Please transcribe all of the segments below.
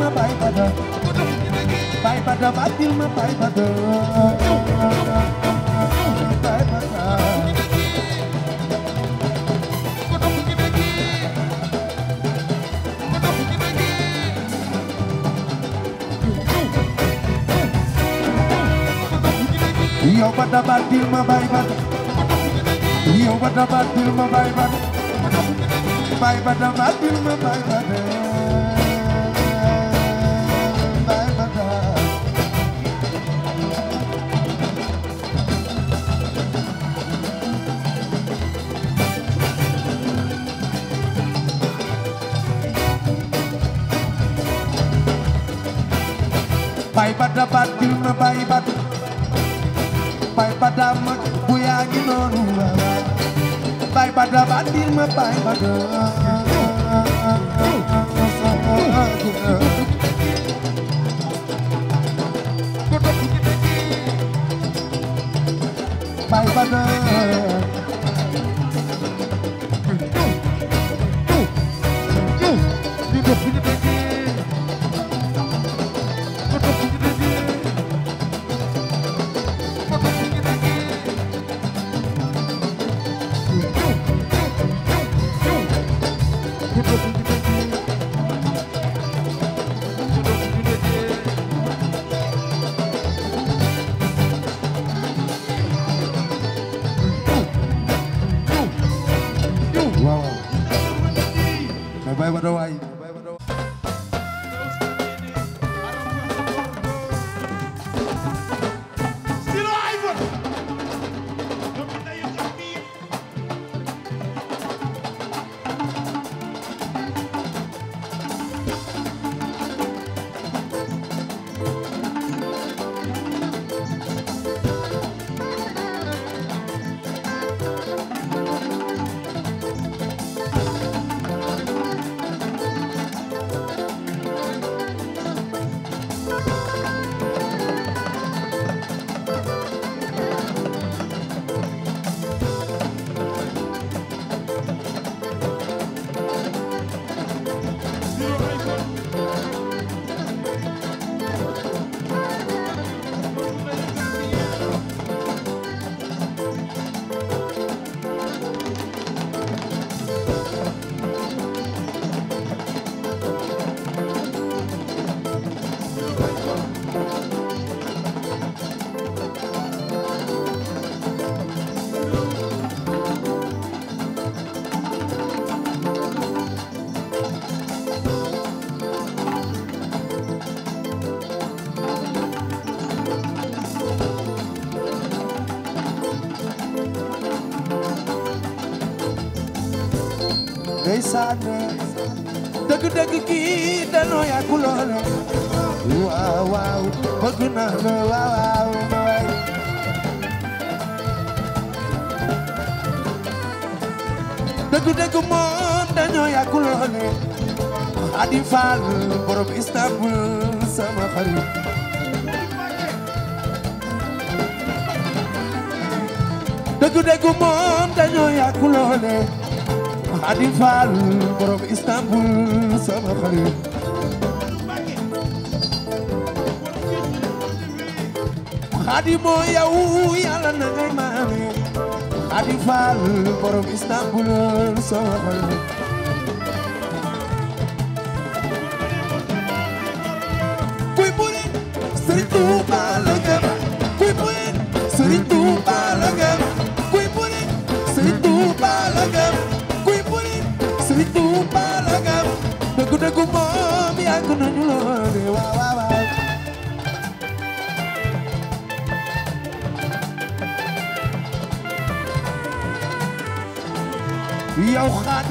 ma bay bada bay bada batil ma bay bada bay bada Yo bada batil baat bi ma bay bat bay bada mag bu yaa ngi noonu bay bada baat bi ma bay bëgg na ko waaw waaw dëgg dëgg moom dañoo yàgg lool Xadi Faal borom Istanbul sama xarit dëgg dëgg moom dañoo yàgg lool Xadi Faal borom Istanbul sama xarit xadi moo yow yàlla na ngay maame xadi faal borom Istanbul soxal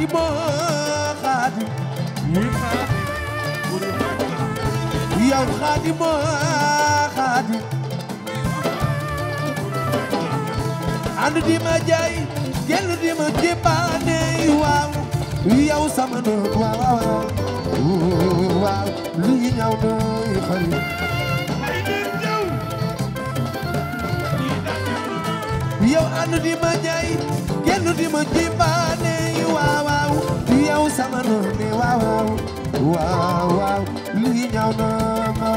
xaadimoo xaadim muy xaadim yow xaadimoo xaadim ànd di ma jaay jël di ma jébaane waaw yow sama noon waaw waaw lu ñu ñaw nooy xarit yow ànd di ma jaay jël di ma jébaane waaw sama noon ne waaw waaw waaw lii ñaw na ma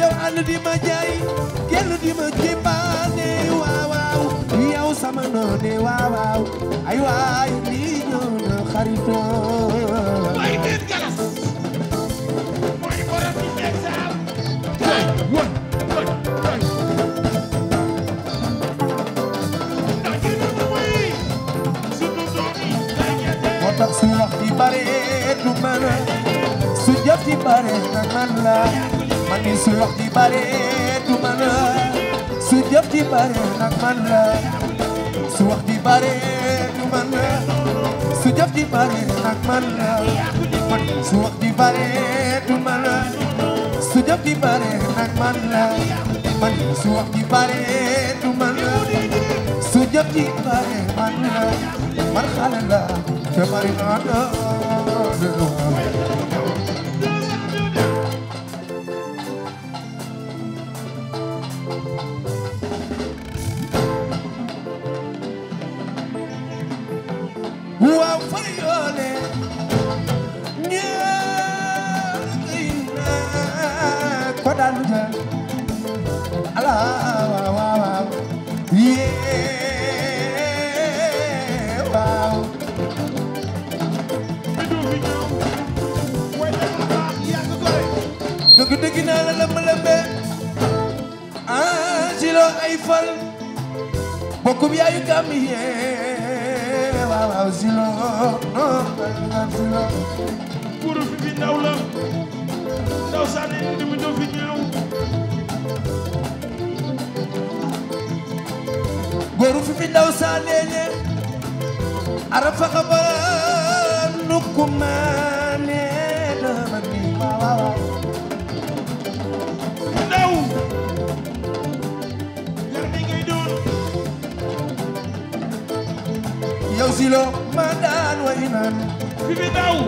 yow ànd di ma jaay kenn di ma jimbaane waaw waaw yow sama noon ne waaw waaw ay waay lii ñaw na xaritoo du man su jëf di bare na man la man ni su wax di bare du man su jëf di bare na man la su wax di bare du man su jëf di bare na man la man su wax di bare du man su jëf di bare na man la man su wax di bare du man su jëf di bare man la man xale la te bari naa Lord. guddi gi naa la lëmb lëmbe ah ci loo ay fal bokkum yaayu gàmmi yee waaw waaw si loo non ah, non si loo. kuuru fi fi ndaw la ndaw saa ne ni mu doo fi ñaaw. góoru fi fi ndaw saa ne ne arafa xabaar nu kumee. silo ma daan wa inaan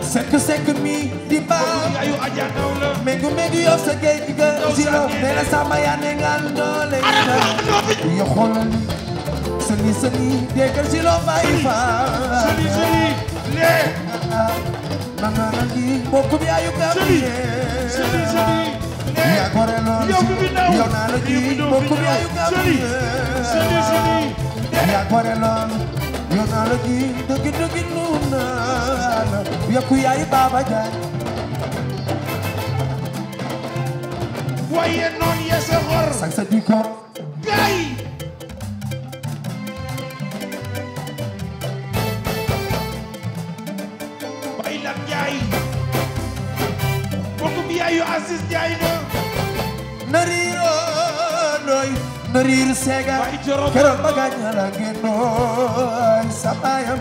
sekk sekk mi di baaw ayu aja daw la mengu mengu yow sa géej ga silo ne la sama yaa ne ngal doole yo xoolal sëni sëni déggal silo bay fa sëni sëni le mama ngi bokku bi ayu ga sëni sëni yaa gore lool yow naa la ji bokku bi ayu ga sëni sëni yaa gore lool yoo naa la ji dëgg dëgg nuun naa la yokku yaay baaba jaay waaye noon ye sa xor sañ sa di kor gaay bay lam jaay bokkum yaayu Aziz jaay na nariiroo nooy nariir seega keroog ba gaañ la génnoo bayam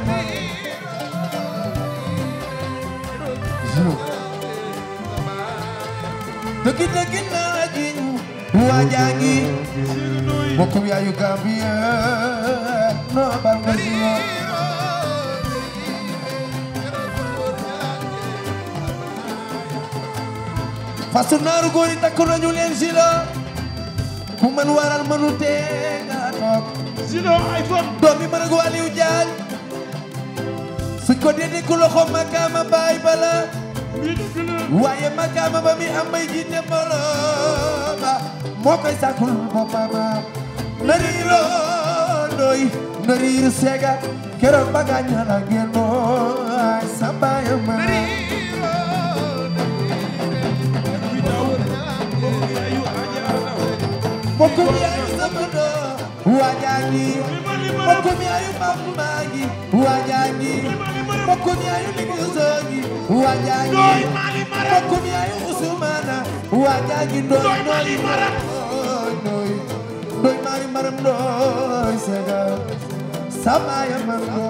dëgg dëgg naa jiñ waajaa ngi bokkum yaayu Gambia no bal nga jiyo fasu naaru góor yi takku nañu leen silo ku man waral mënu tee nga toog silo ay fon doomi mën ak Waliyu Jaañ ko dégg ku loxo makaama baay bala waaye makaama ba mi am may jiite mbooloo ba moo koy sàkkul na riiroo ndoy na riir seega keroog ba gaaña la génnoo ay sambaaya ma mbokkum yaayu sama doo waajaangi mbokkum yaayu maam maagi waajaangi Mokumiayu Limuzogi Wajagi Doi Mali Mara Mokumiayu Usumana Wajagi Doi Doi Mali Mara Doi Doi Mali Mara Doi Sega Samaya Mara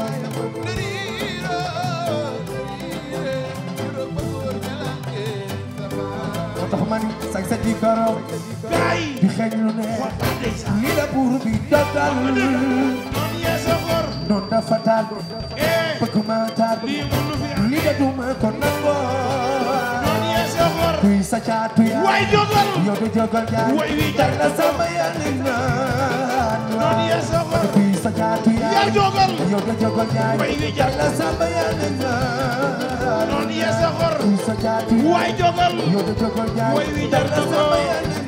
tax man sax sa di koro di xeñ lu ne li la buur bi dootal noon dafa taal bëgg ma taal li de du ma ko nangoo kuy sa caatu yaa way jogal yow de jogal yaa way wi dal na sama yàlla naan kuy sa caatu yaa jogal yow de jogal yaa way wi dal na sama yàlla naan kuy sa caatu way jogal yow de jogal yaa way wi dal na sama yàlla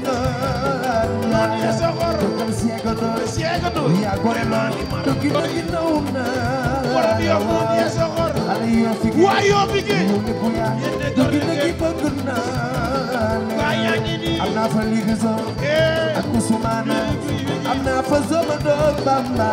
Akusumana am naa fa sama doom bamba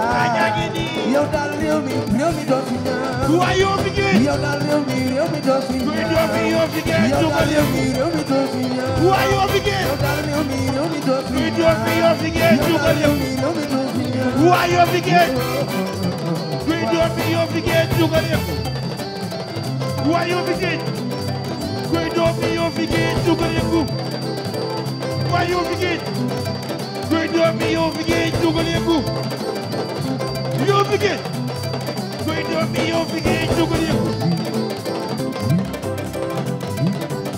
yow daal réew mi réew mi doo fi ñaan waa yow mi ngi yow daal réew mi réew mi doo fi ñaan yow daal réew mi réew mi doo fi ñaan waa yow mi ngi yow daal réew mi réew mi doo fi ñaan yow daal réew mi réew mi doo fi ñaan waa yow mi ngi kuy doo fi yow mi ngi dugal yëpp waa yow mi ngi kuy doo fi yow mi ngi dugal yëpp waa yow mi ngi doomi yow fi ngeen dugal yëngu yow fi ngeen kuy doomi yow fi ngeen dugal yëngu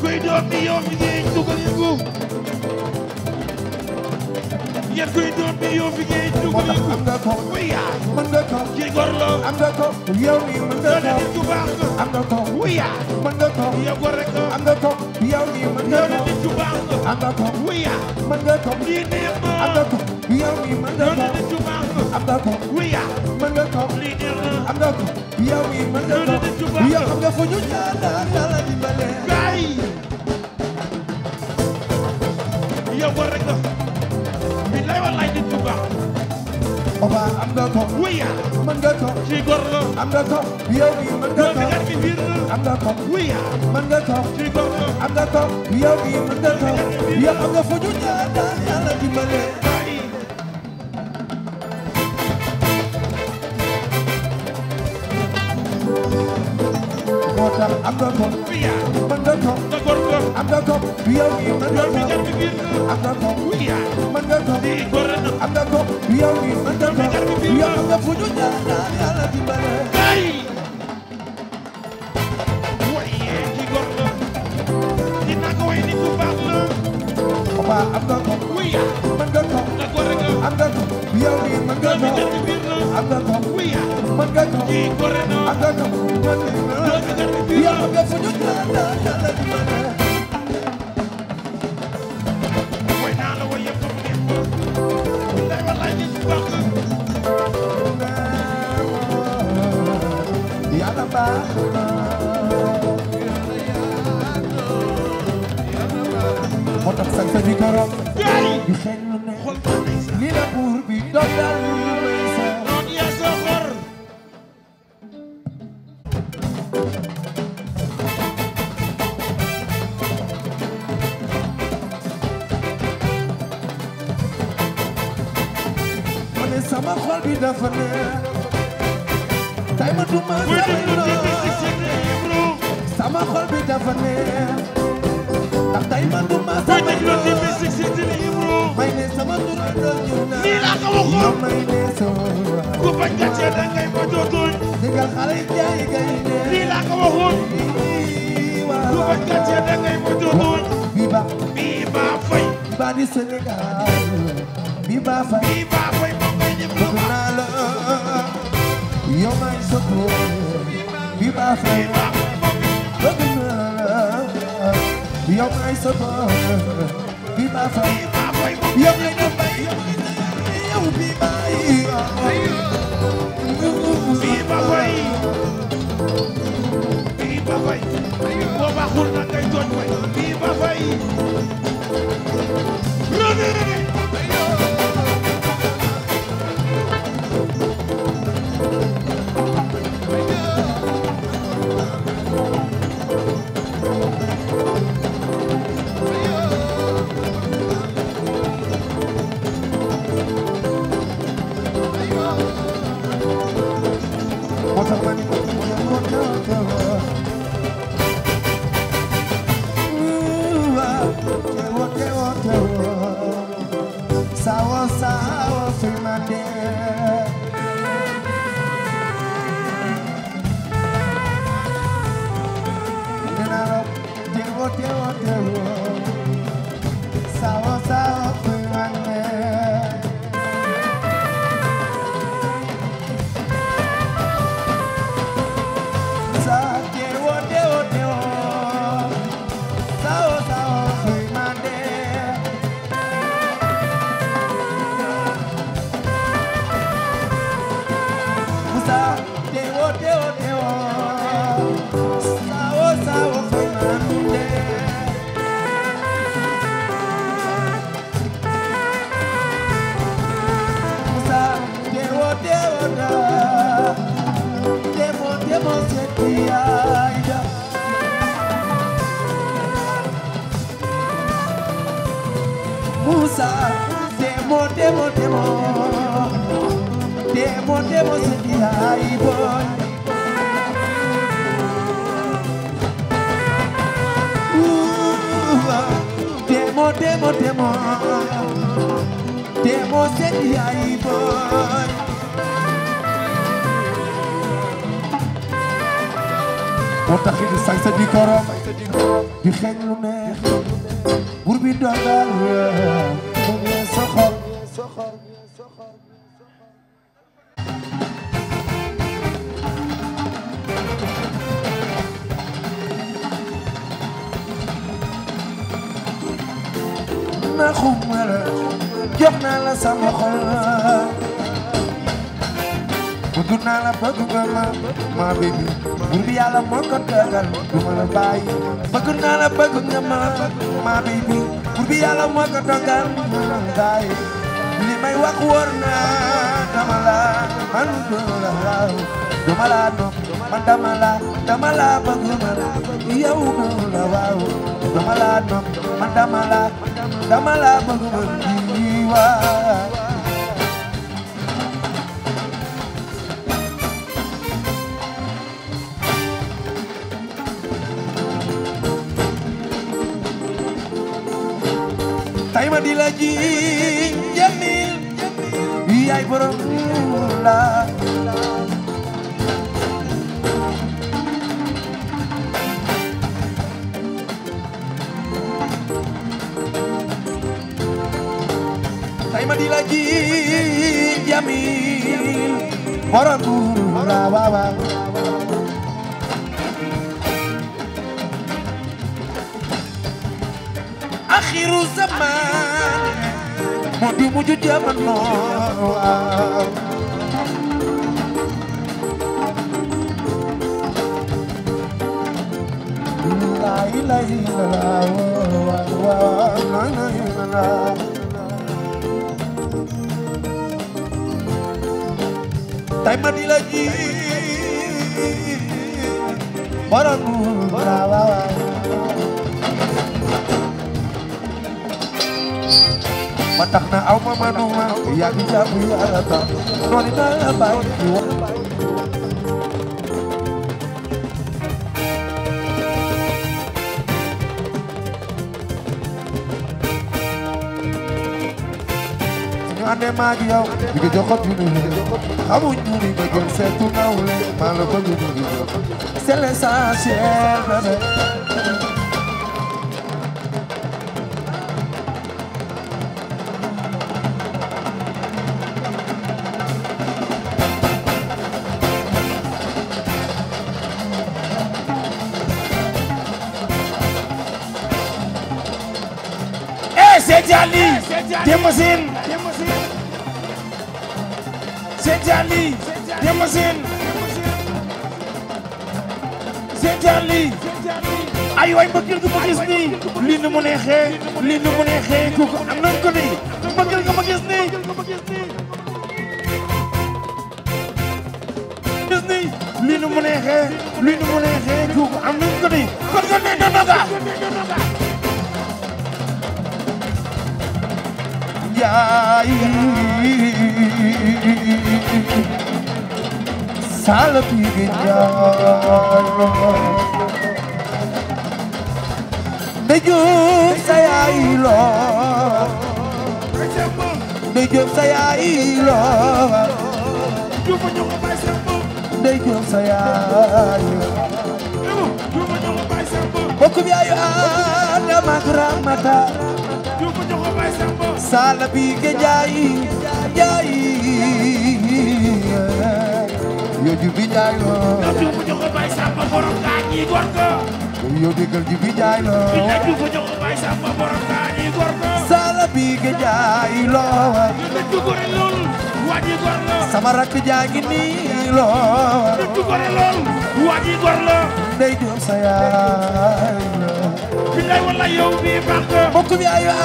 kuy doomi yow fi ngeen dugal yëngu yéen kuy doon bi yow fi ngay dugg yi am nga ko wuya mën nga ko kii gorlo am nga ko yow mi mën nga ko nit ku baax nga am nga ko wuya mën nga ko yow gor rek am nga ko yow mi mën nga ko nit ku baax nga am nga ko wuya mën nga ko lii neex na am nga ko yow mi mën nga ko nit ku baax nga am nga ko wuya mën nga ko lii neex na am nga ko yow mi mën nga ko nit ku baax nga am nga ko ñu ñaan yàlla di bale gaay yow gor rek nga lay wan laaj nit bu baax. Oba am nga ko. wuya mën nga ko. ci góor la. am nga ko. yow bi mën nga ko. góor bi biir la. am nga ko. wuya mën nga ko. ci góor la. am nga ko. yow bi mën nga ko. yow am nga fu ñu ñaan daal yàlla dimbale. moo tax am nga ko. wuya mën nga ko. am nga ko. yow bi mën nga ko. am na ko mën nga ko am na ko yow yi mën nga ko yow am na fu ñu ñaan ñaan yàlla dimbale kay waaye ki góor la dina ko way ni ku baax la papa am na ko mën nga ko am na ko yow yi mën nga ko am na ko mën nga ko am na ko yow am na fu ñu ñaan ñaan yàlla dimbale di karam di xeeñ lu ne la buur bi dogal noon sama xol bi dafa ne tay ma sama xol bi dafa ne lii laa ko waxoon lu bañ gàcce da ngay ma joxoon bii baa fay baa di Sénégal bii baa fay bii baa fay ma may ni bëgg naa la yow may soppo bii baa fay bëgg naa la yow may soppo bii baa fay yow may na fay yow bii baa yi bakoy bii bakoy boo baaxul na ngay tooñ koy bii bakoy René teewoon teewoon dama la bëgg yow noonu la waaw dama la nopp man dama la dama la bëgg bëgg waaw tay ma di la ji jamil yaay borom la Moro muru na baba. Akhiru zaman mo di mujj jamono La ilaha illallah wa la ilaha illallah Diamond lagi Barangku Barawa Matakna aw mamanu ya bisa buya rata Nolita baik ànd maag yow ñu ngi ma jël Jali Demba Seen Seen Jali ay waay mbëggeel nga ma gis nii nu mu neexee lii nu mu neexee kooku am nañ ko nii mbëggeel nga ma gis nii gis nii lii nu mu nu mu neexee am nañ ko nii kon nga nee na yaay saala bi bi njaay jóob sa yaay loo jóob sa yaay loo jóob sa yaay bokk bi ayu Adama ak Ramata saala bi ge jaayi jaayi yoo jubi jaay loo. yoo jubu jox ko bay sàmm borom kaa ñi gor ko. yoo déggal jubi jaay loo. yoo jubu jox ko bay sàmm borom kaa ñi gor ko. saala bi ge jaayi loo. yoo jubu re lool waa ji gor la. sama rakk jaa ngi nii loo. yoo jubu re lool waa ji gor la. ndey joom sa yaay loo. bi lay wala yow bi bànk. mbokk bi aywa.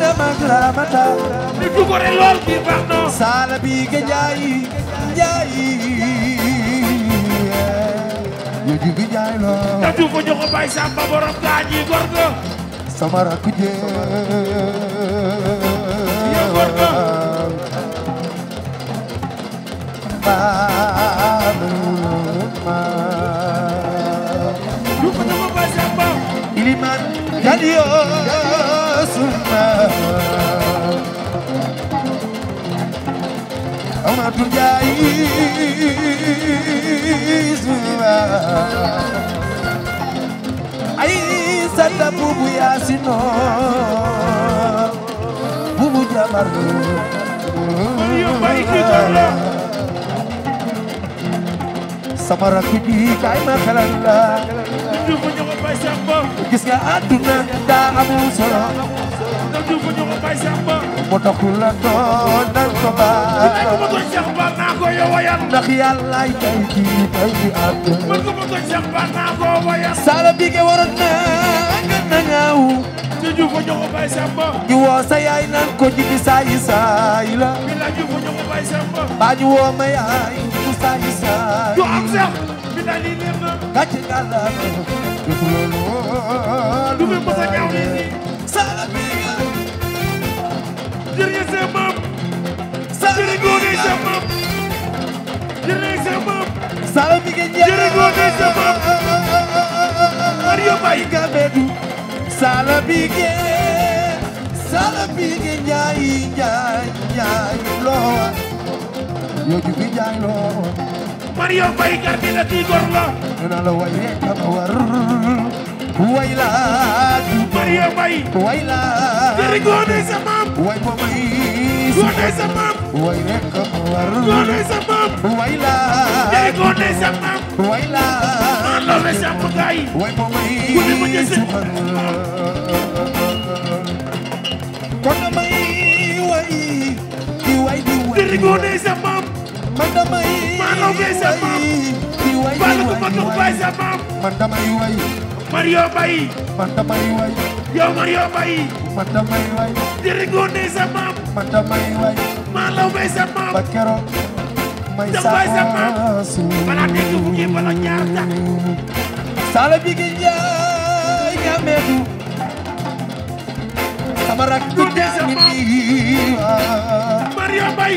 na mag la mata ni du gore lool bi baax na sala yu ju bi njaay ta du ko joxo bay sa ba borom gaañi sama rakk je ya gor go ba ma du ko joxo bay sa sunna ama tu jaayi sunna ay sata bubu yaasino bubu jamar sama rakki di kay ma xelal la gis nga àdduna daa amul solo moo tax ku la doon nan ko baal ndax yàlla ay tey jii tey jii àdduna saala bi nga waroon naa nga nangaaw ñu woo sa yaay naan ko jigi saayi saay la baa ñu woo ma yaay mu saayi saay tali neex na gàcce gàlla def loolu du fi mos a ñaaw nii sala bi jërëjëf seen maam jërëjëf góone seen maam jërëjëf seen maam sala bi jërëjëf góone seen maam Mario Baye Gabedu sala bi sala bi njaay njaay njaay loo ñoo ju fi njaay loo par yow baykat bi la ci góor la dina la way dama war way la du par yow bay way la dëri goone sa maam way bo may goone sa maam way rek ma war goone sa maam way la dëri goone sa maam way la man la sa maam gaay way bo may goone ma jëse kon may way di way di way dëri goone sa maam man damay maanaam ngay sa maam baal ko ma dox bay sa maam man damay way Mario Bay way yow Mario Bay man damay way Dirigo way Malaw Bay may sa maam bala dégg fukki bala ñaar tax sala bi gi njaay ñaameetu sama rak du dee sa maam Mario Bay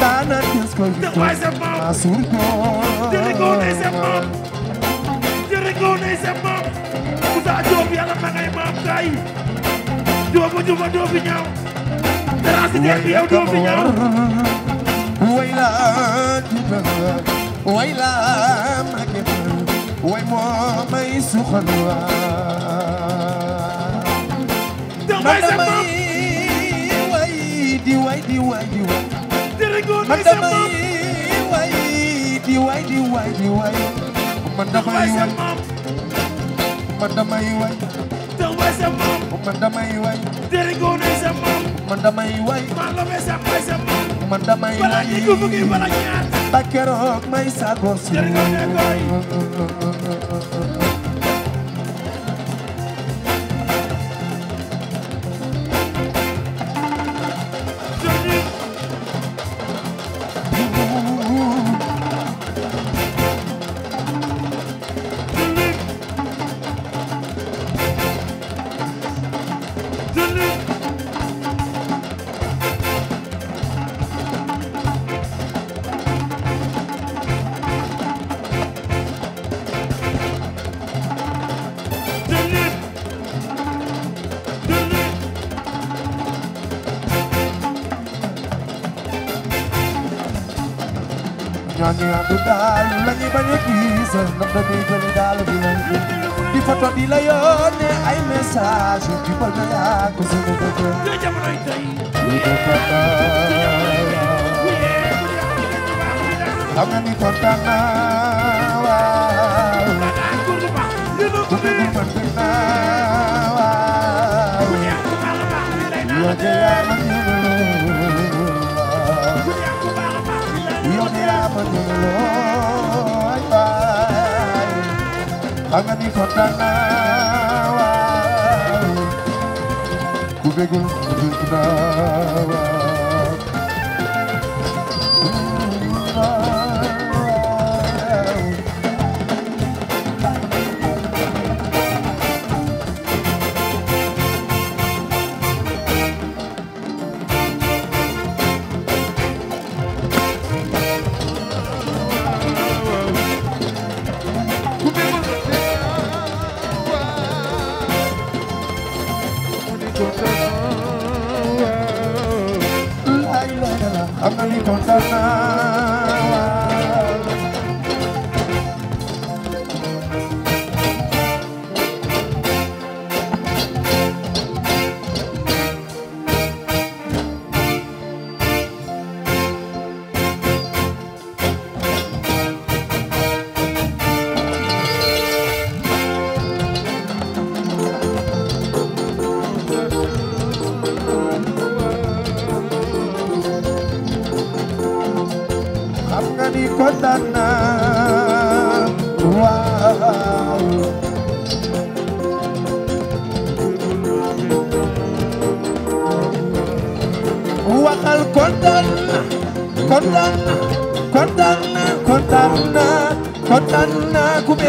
tá na escolha. Não vai ser bom. Assim bom. Dirigou nesse mão. Dirigou nesse mão. Usa job yalla ma ngay maam kay. Jobu juba do fi ñaaw. Dara si dem yow do fi ñaaw. Wayla tiba. Wayla magem. Way mo may suxanwa. di way di way di man damay way di way di way di way man damay way man damay way te way sa maam man damay way derigo ne sa maam man damay way man la sa way sa maam man damay way wala ñi ko fukki wala ñaar ba keroog may sa gos derigo ne koy sënam dañuy jëli daal di la di photo di la yónnee ay message yu di bal na yaa ko sunu dëkk yi dëkk xam nga ni kontaan naa waaw ku bëgg man bëgg naa waaw yoo de yaa ma ñëw yoo de yaa ma ñëw anga ni kontaan naa waaw ku bëggul bëgg naa waaw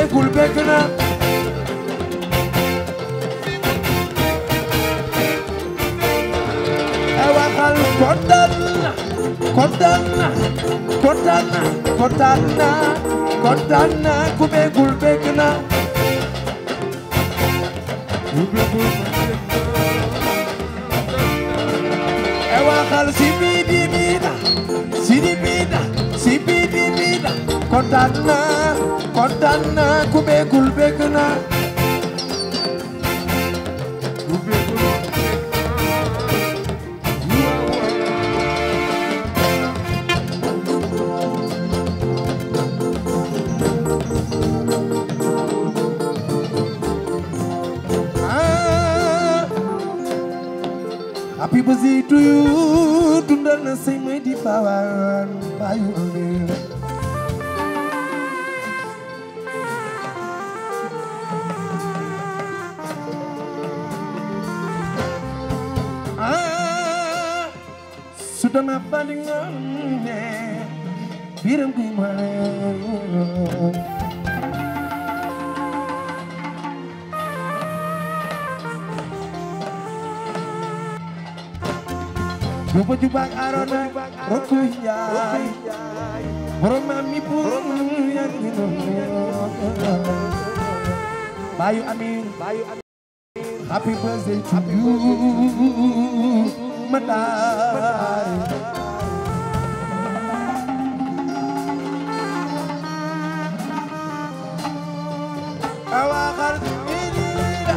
yéegul bëgg na e waxal kontaan na kontaan na kontaan na kontaan na kontaan na ku bëggul bëgg na e waxal si biidi biida si di biida kontaan na kontaan na ku beegul beeg na ah. Happy birthday to you, dundal na say may di power, power. sama bandi ngone biram kuy mayo Juba juba arona roku yai Borong mami pun yang Bayu Amin Bayu Amin Happy birthday to you mataari awaaxar miiniida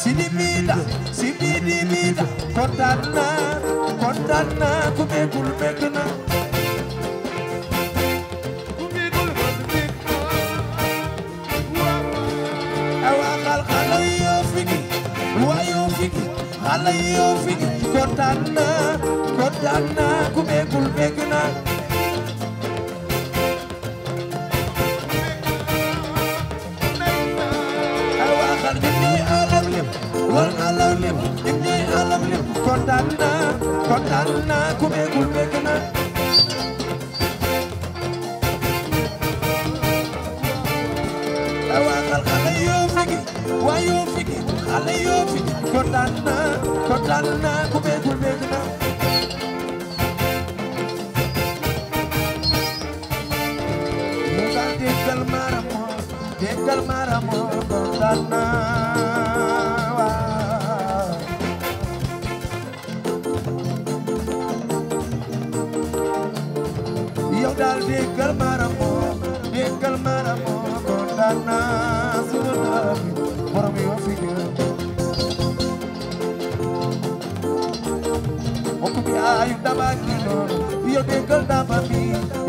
sidi miida sibidi miida kontaan naa kontaan naa ku meegul meeg na awaaxar xale yoo figi waa yoo figi xale yoo figi kontaan naa kontaan naa ku beegul beeg naa alwaxal jëm ni alam lim wal alam lim jëm ni alam lim kontaan naa kontaan naa ku beegul beeg naa alwaxal xale yoo figi waa yoo figi xale yoo figi kontaan naa kontaan naa Borom yoo fi oku bi ayu dama ki noonu yow déggal dama bi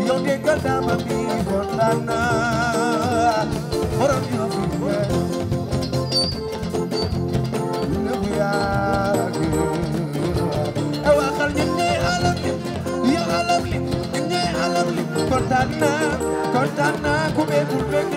yow déggal dama bi kontaan naa borom yow bi bi yaa gën awa xal ñun ñooy alam li yow alam li ñun ñooy alam li kontaan naa kontaan naa ku bee bul bég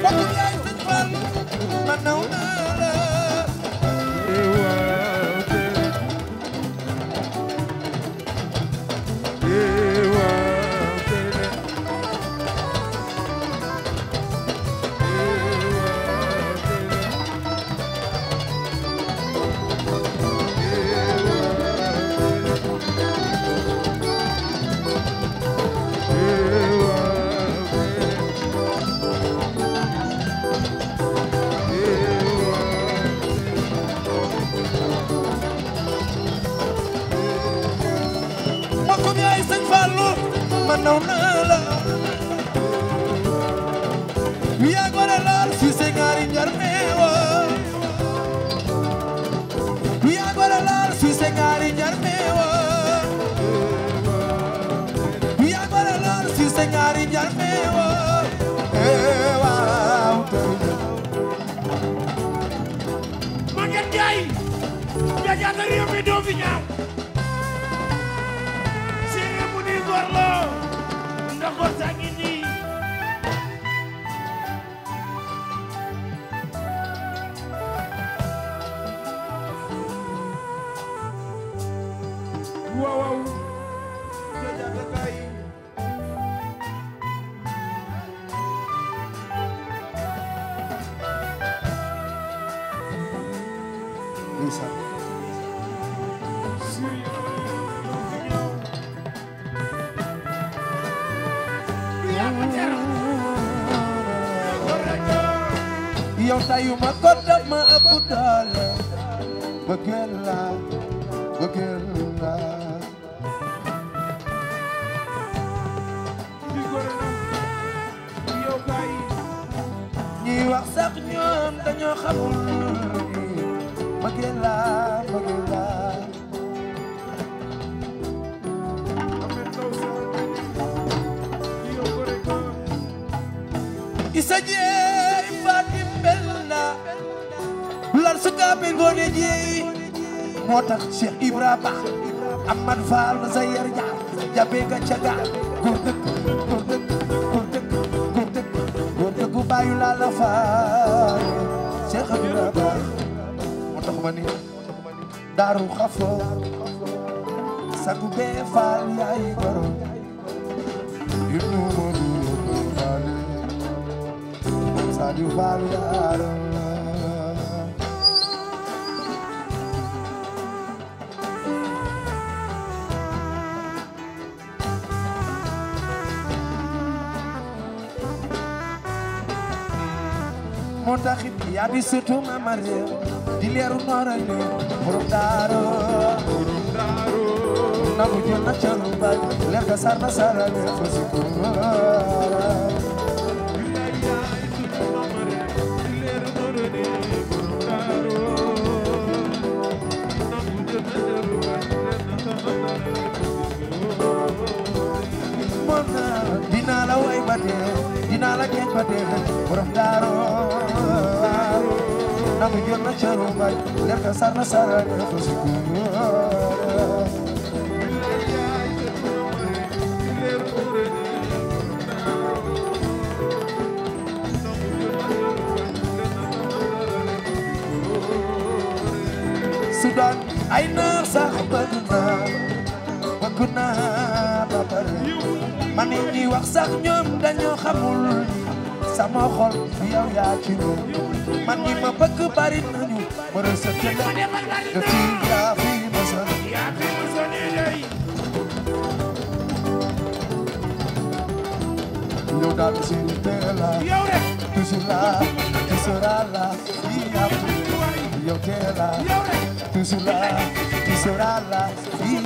What do you ma ko def ma ëpp doole bëggeel tax Cheikh Ibrahima Amad Fall Zayar Ñaar jabe nga caga góor dëkk góor dëkk góor dëkk góor dëkk góor dëkk gu bàyyi laa la faay Cheikh Ibrahima moo tax ma sagu bee Fall yaay yaa di surtout mama réew di leeru noora ni borom daaro borom daaro nagu jël leer ka na sara leer fa si Dina la way ba dee, la keñ ba dee, borom daaro بجمع شروقي لك صار مسار نفسكم سودان أين صاحبنا وكنا بطل من يجي وخسر يوم دنيا خمول sama xol yow yaa ci noonu man ñi ma bëgg bari nañu mën a sëkk la nga fi yaa fi mësa yow daal si teel la toujours là tu yaa fi yow teel fi yaa fi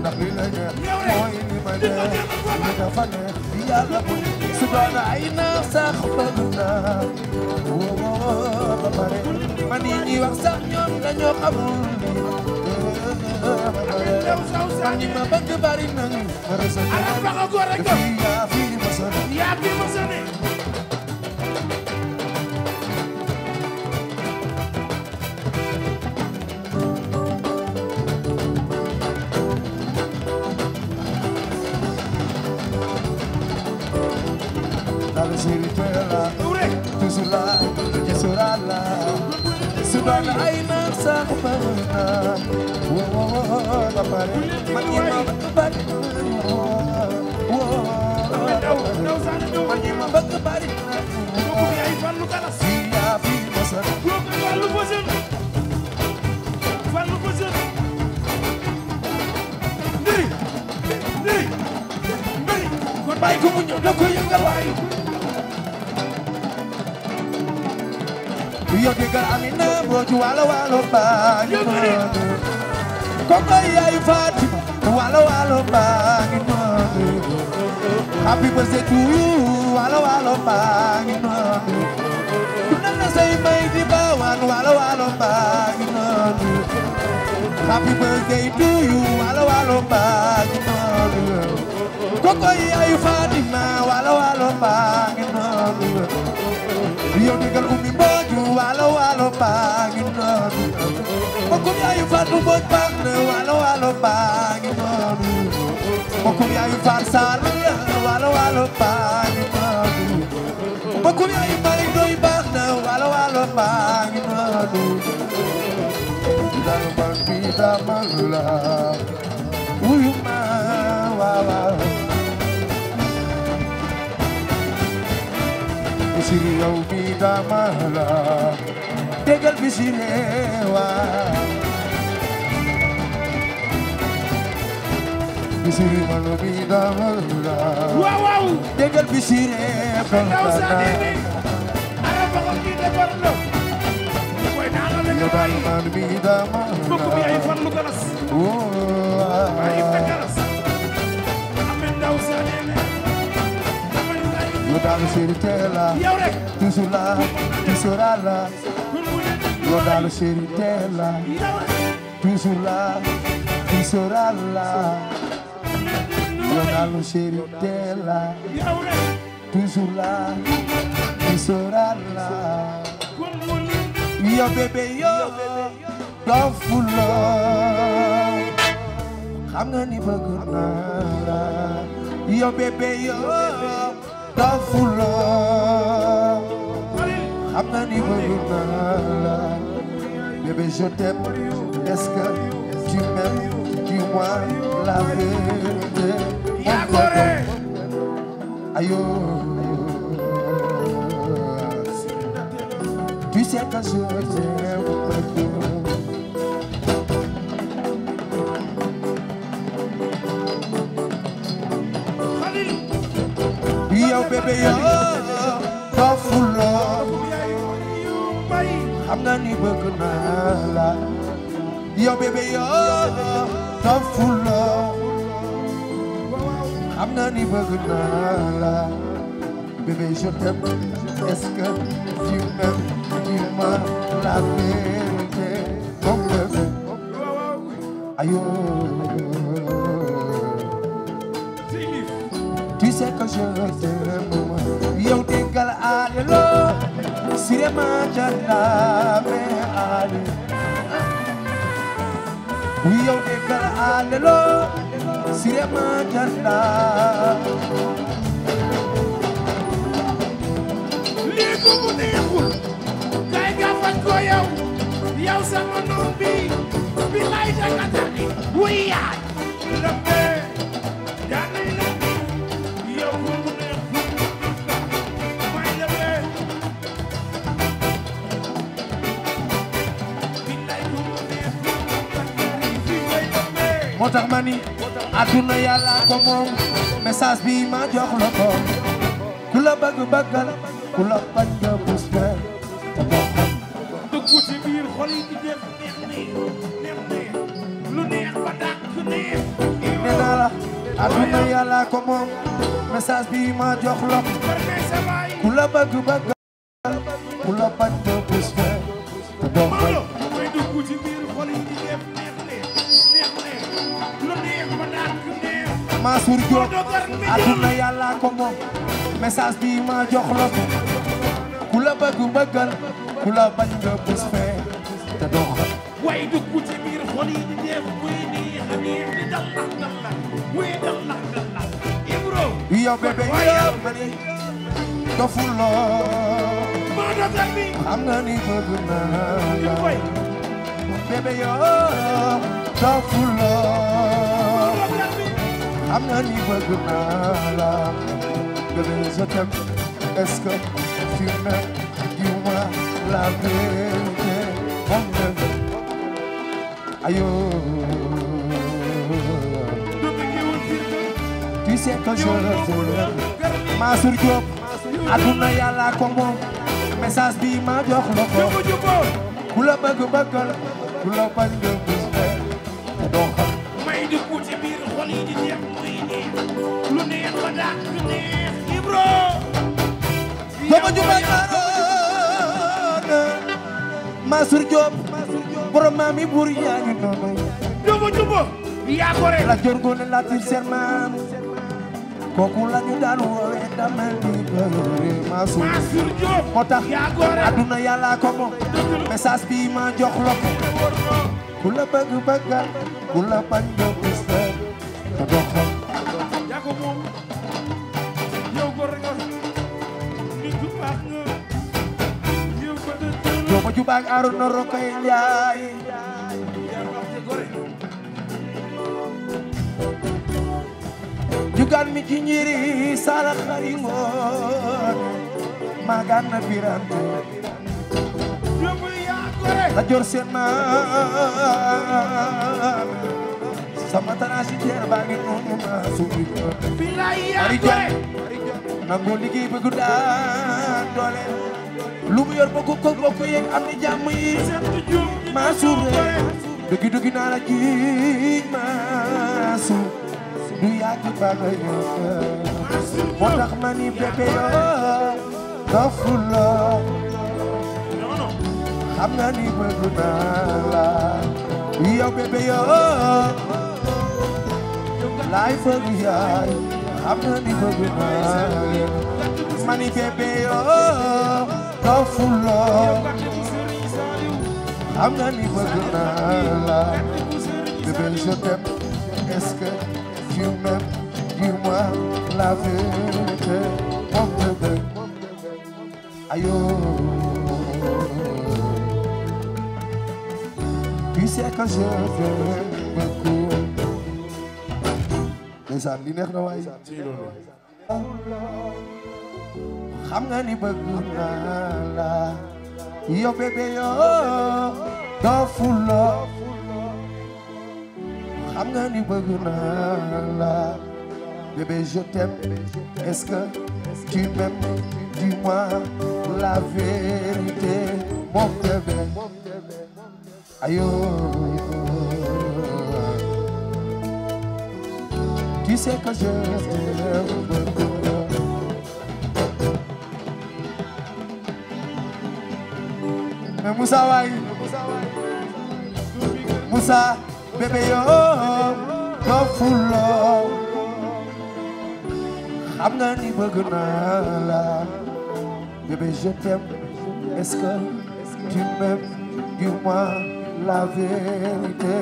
ndax li mane li nga fa ne yàlla bu su doon ay naaf sax bëgg naa woo ba pare man yi ñuy wax sax ñoom dañoo xamul man ñi ma bëgg bari nañu. yaa fi ma sonné سبحان عينا سقفنا ولا بري من يما بكبر من يما بكبر فيا في مصر Bye, come on, you're not going to yo déggal Amina Mbodj walo walo baa ngi noonu kooku ay walo walo baa ngi noonu happy birthday to walo walo baa ngi noonu dundal na say walo walo baa ngi yo digal ummi mboju walo walo baa ngi noonu mbokkum yaayu faatu mbooj baax na walo walo baa ngi noonu mbokkum yaayu faar saal walo walo baa ngi noonu mbokkum yaayu mari doy baax na walo walo baa ngi noonu dal ban bi damal la wuyu ma waaw waaw Basiru yow mi dama la tegal bi si reewa Basiru malo mi dama la waaw waaw tegal bi si reewa yo dal man mi dama la bokk bi ay fan lu galas lu daal chéri teel a. yow rek toujours la toujours la. lu daal chéri teel a. toujours la toujours ni bëgg naa la. yo tafula xam naa ni bëgg naa la bébé je t'aime est-ce que tu m'aimes dis-moi la vérité mon coton ayo tu sais que je t'aime ya kafula xam nga ni bëgg naa la yow bébé ya kafula xam nga ni bëgg naa la bébé je t'aime est-ce que tu m'aimes dis-moi la vérité mon bébé ayo oh. tu sais que je t'aime sirema janabe ali wiyo de kala alelo sirema janna li ko mu neexul kay ga fa ko yow yow sama nu bi bi lay jangata wi yaay ma bi ma jox ku la bëgg bëggal ku la bañ la àdduna yàlla ko moom message bi la ko ku la ko message bi ma jox la ko ku la bëgg bëggal ku la bañ nga bés fee te dox way dugg ci biir xol yi di def muy nii xamir di dal nak nak nak muy dal nak nak nak ibro yow bébé yow mani dofuloo ma dogal bi xam nga ni bëgg naa la bébé yow dofuloo xam nga ni bëgg naa la there is a temp Est-ce tu me dis moi la vérité Mon Aïe Tu sais quand je le voulais Massour Diop Aduna yàlla ko moom message bi ma jox la ko ku la bëgg bëggal ku la bañ nga gis ne doo xam may di ku ci biir xol yi di neex muy nii lu neex ba daal lu neex Baba Jumaay Maroona Masur Joob borom maam ko rek la jorgo ne latin seen maam kooku la ñu daan woowee damel ni bëre Masur Joob moo tax àdduna bi ma jox ku la bëgg bëggal ku la bañ doo gis te doxal baak jugaan mi ci ñiiri sala xari ngoon magaan na biran la jor seen sama tanaasi teer baa ngi noonu ma suufi na ngoo liggéey bëgg daan doole lu mu yor bokk ko bokk yeeg am ni jàmm yi Mansour dëgg dëgg naa la jiiñ Mansour du yàgg ba nga ñëw moo tax ma ni xam nga ni bëgg naa yaay xam nga ni tafulla am na ni bëgg naa la bébé je t'aime est-ce que tu m'aimes dis-moi la vérité mon bébé ayo tu sais que je t'aime beaucoup ndeysaan li neex na waay xam nga ni bëgg naa la yow bébé yoo doo fuloo xam nga ni bëgg naa la bébé je t'aime est-ce que tu m'aimes dis la vérité mon bébé ayo oh. tu sais que je t'aime mais Moussa waay Moussa bébé yo dofuloo xam nga ni bëgg naa la bébé je t'aime est-ce que tu m'aimes dis-moi la vérité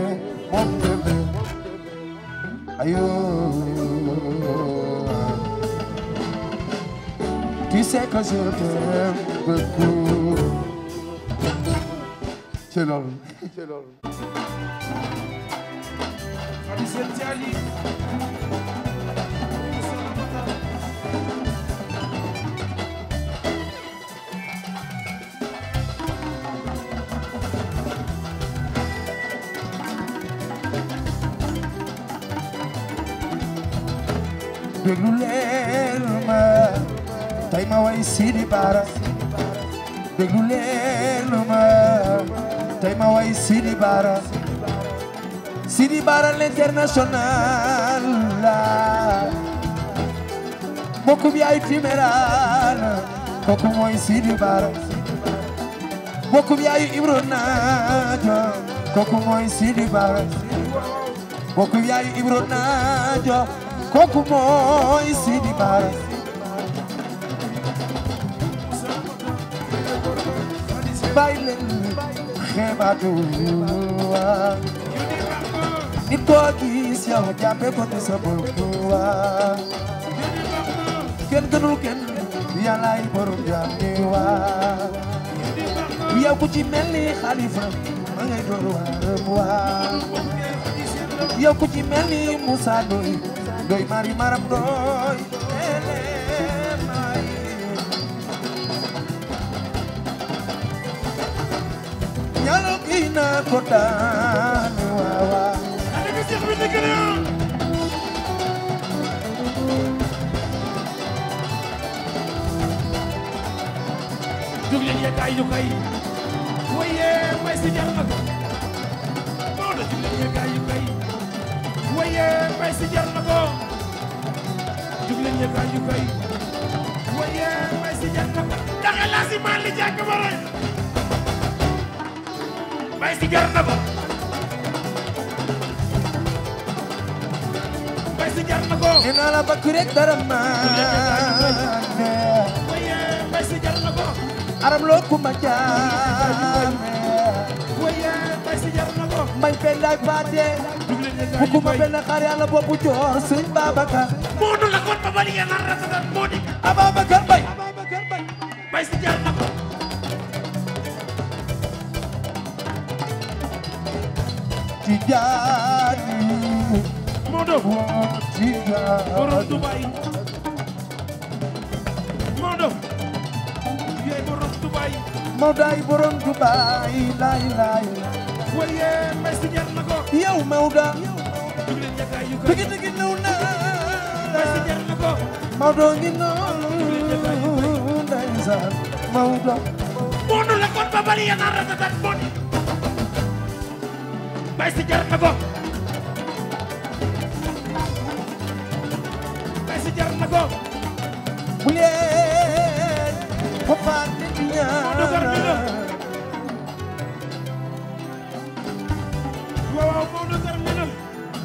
mon bébé ayo tu sais que je t'aime beaucoup c'est loolu c'est loolu déglu leen ma tay ma way Sidi Bara déglu leen tey ma way Sidi Bara Sidi Bara l'international mbokku bi ay timéral kooku mooy Sidi Bara mbokku bi ay Ibro Naajo Naajo kooku mooy Sidi Bara xeebatu waa nit koo gis yow jàppe ko ni sa bopp waa kenn gënul kenn yàllaay borom jaam ni waa yow ku ci mel xalifa ma ngay door waaram waa yow ku ci mel ni Moussa Ndoye doy mari maram doy yàlla kii naa ko daan waawaa. adama jeex bi nekk na. jóg leen yegg ay yokk ay. waaye may si jàll na ko. Maodo jóg leen yegg ay yokk ay. waaye may si jàll na ko. jóg leen yegg ay yokk ay. waaye may si jàll na ko. ndax El Hadj Malick Diakhoumpa. bay si jar na ko bay si jar na ko nee naa la bakku rek dara maane bay si jar na ko aram loo kuma jaame bay jar na ko mbay pen daay paate bu kuma benn xaar yàlla boppu ba bari yàlla Tidiane Modou Tidiane borom Dubaï Modou yey borom Dubaï Mawdaay borom Dubaï laay laay waye Messi ñaan na ko yow Mawda dëgg dëgg ñëw na Messi ñaan na ko Mawdo ngi noonu ndeysaan Mawda Modou la kon ba bari ya na ratatat bay si jar na ko bay si jar na ko bu leen ko faat nit ñaar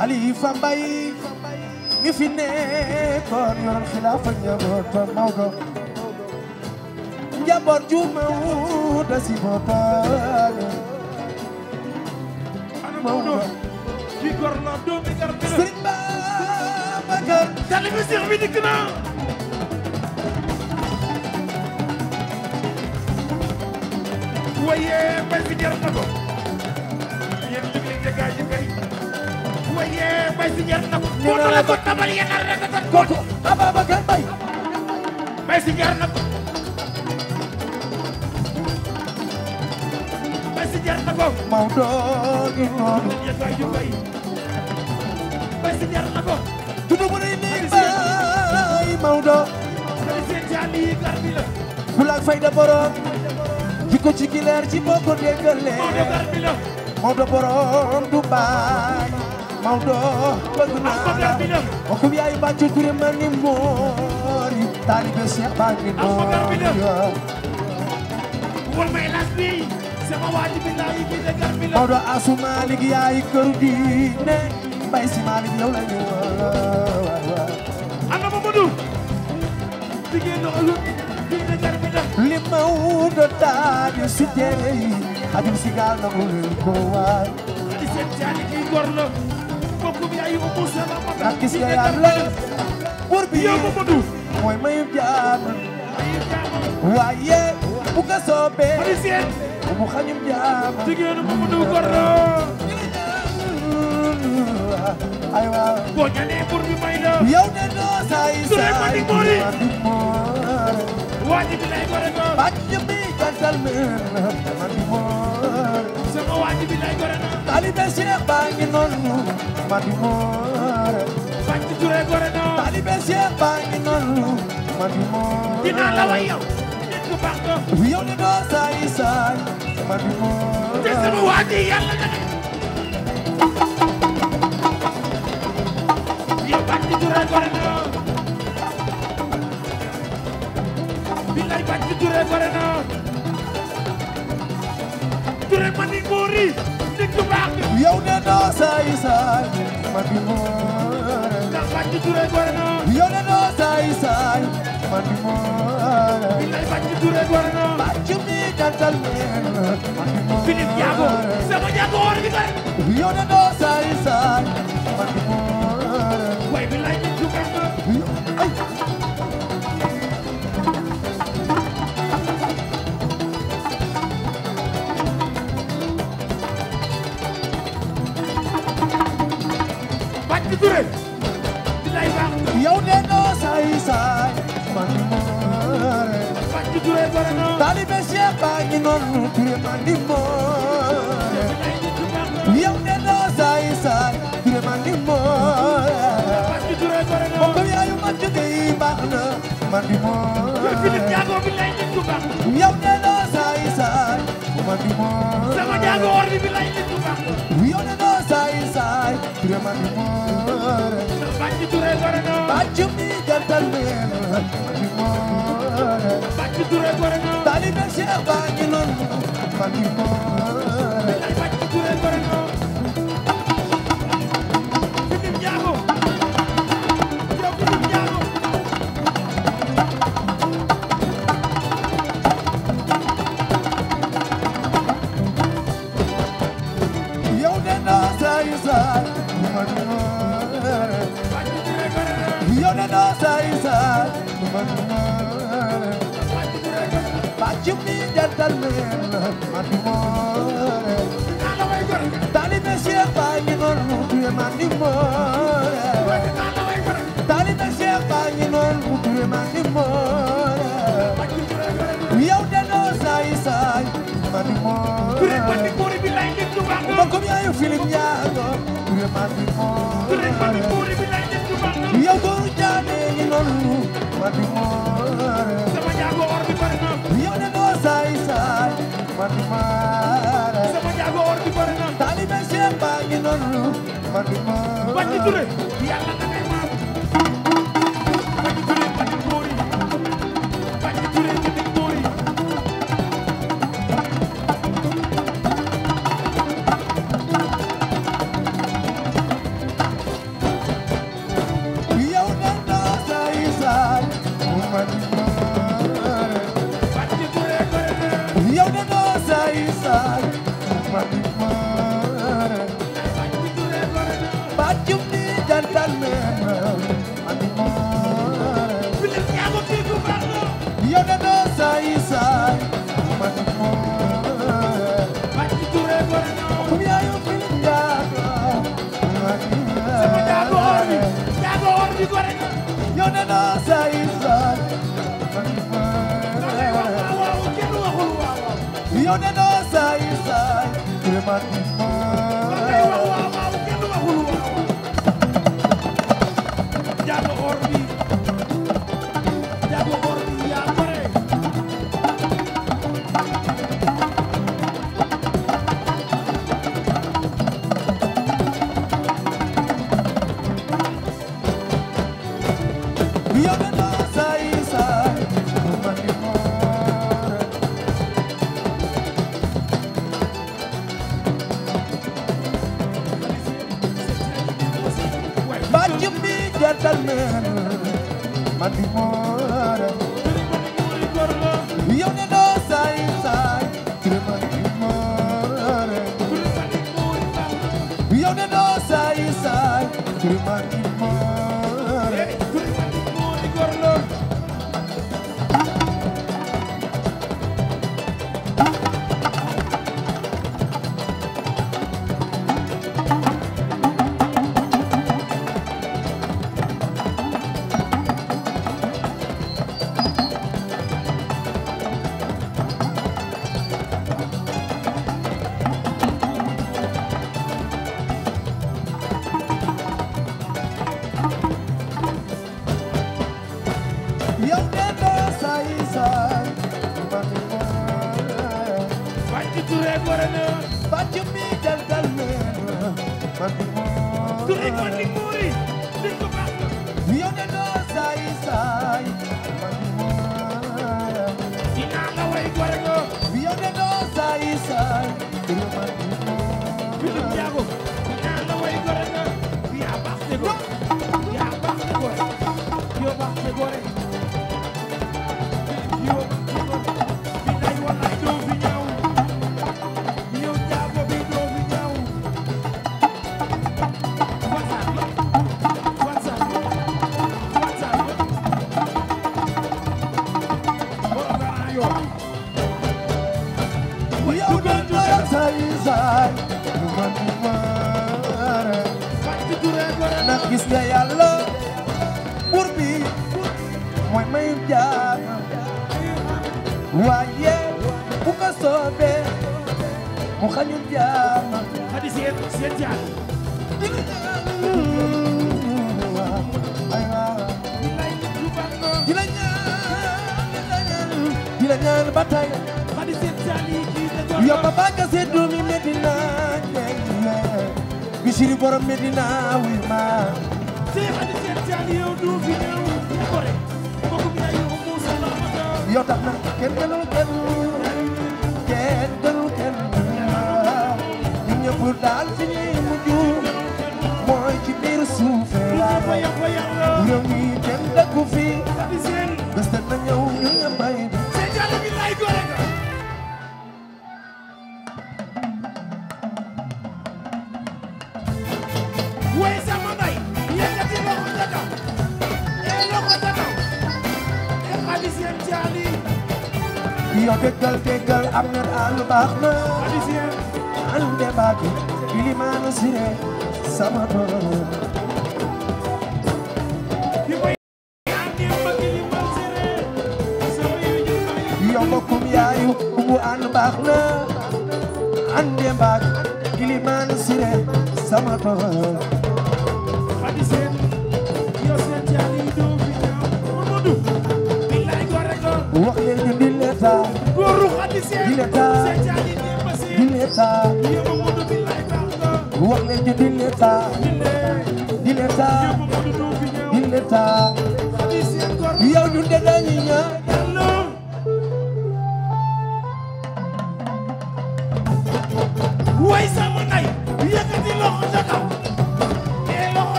Xalifa Mbay mi fi nekkoon yoroon xilaafa njaboot ba Maodo njaboot ju mawuta si boppam Maodo kii góor la doomi gerte la Serigne Babacar talibi Cheikh bi dikk na waye bay fi jar na ko yéen liggéey jëkkaa ji kay waye bay fi jar na ko moo tax la ko tabal yenar rek ko Ababacar bay bay si jar na ko jar na ko Maodo ngi woon bay ju bay bay si jar na ko tuba bu rëy nii bay Maodo kali seen jaani yi gar bi la fulaak fayda borom jikko ci gileer ci boo ko déggalee Maodo gar bi la Maodo borom du baay Maodo bëgg naa la okum yaay bàccu ture ma ni moori taalibe Seex baa ngi noor wol ma elas bi Maodo Asou Malick yaay këru diine Mbaye Sy Malick yow la ñu woo. ana Mamadou. jigéen loolu diine jar bi def. li Maodo taa di si jëlee xajul si gaal na ko leen ko waay. xaj seen caali kii góor la mbokk bi ay Oumou Salama. ak gis nga yaa la wóor bi yow Mamadou. mooy mayu jaam. waaye bu ko soobee. mu xañum jaam jigéenu mu du gordo ay waaw boo ñaanee bur bi may la yow de doo saay saay ma di moori waaji bi lay gore na bàcc bi jantal meen ma di moor sama waaji bi lay gore na taalibe Cheikh baa ngi noonu ma di moor bàcc jure gore na taalibe Cheikh baa ngi noonu ma di moor dinaa la way yow partout. oui ne. yow bàcc jure gore na. ne dans saay saay. mani moora bilay bàcc Touré war na bàcc mi gàttal mani moora Philippe Diago sama Diago war bi kay yow de doo saay saay mani moora way bilay nit ju kan na ay bàcc Touré bilay baax yow de doo saay saay taalibe Cheikh baa ngi noonu Touré mandi moore yow de doo saay saay Touré mandi moore comme yaayu man jóge yi baax na mandi moore yow de doo saay saay mandi moore sama jaago war ni bi lay nit ku baax yow de doo Ture ma ni more Bacci Ture goreno Bacci mi gantal meno Ma ni more Bacci Ture goreno Tali be Cheikh ba ngi non Ma ni more dal leen man di moore taalibe Cheikh Baay ngi noonu mu tuye man di moore taalibe Cheikh Baay ngi noonu mu tuye man di moore yow de noo saay saay man di moore man comme yaayu filim ñaago tuye man di moore yow góoru jaane ngi noonu man di moore lor man ma. Badji Touré yàlla na. ndax gis nga yàlla buur bi mooy may jaama waaye bu ko soobee mu xañul jaama hadi seen seen jaar di la ñaan di la ñaan ba tey hadi seen jaar yi yo papa ka seddu mi medina siri borom Medina wuy ma sey xadi seen caan yow du fi ñëw gore bokku bi ay yow Moussa la mata yow tax na kenn dalul kenn kenn dalul kenn ñu ñëpp daal fi ñuy mujj mooy ci biir suuf la réew mi kenn dëkku fi bés na ñëw ñu ñëpp ay yo dëggal dëggal am na daal baax na alisien alum de baaki ilimaanu sire sama tooro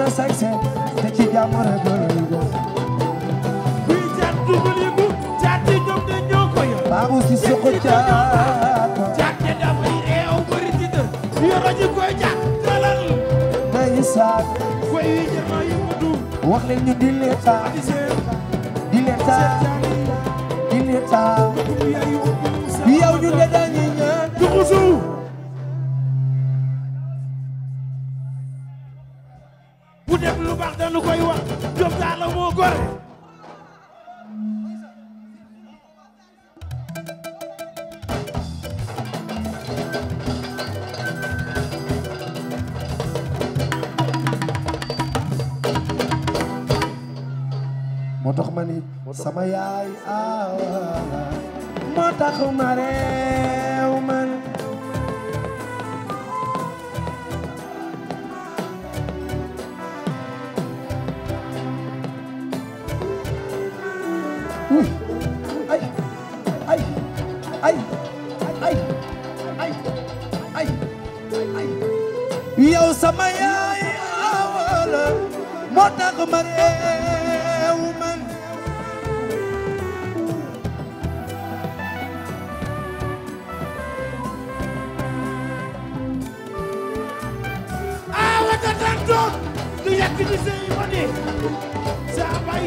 na sañse te ci jàmm rek la ñuy doon. kuy caat dugal yëngu caat yi ñoom dañ ñoo ko yor. baabu si soxo caat. caat yi dafay réew bëri ci dër. yoro ñi koy caat dalal. day saak. koy yi jëma yi mu dugg. wax leen ñu di leen taa. di leen taa. di leen taa. yow ñu ne ay ay ay ay ay ay ay yow sama yaay awala moo tax ma réew man awata tan doon du yàgg di sey ma ne sa bay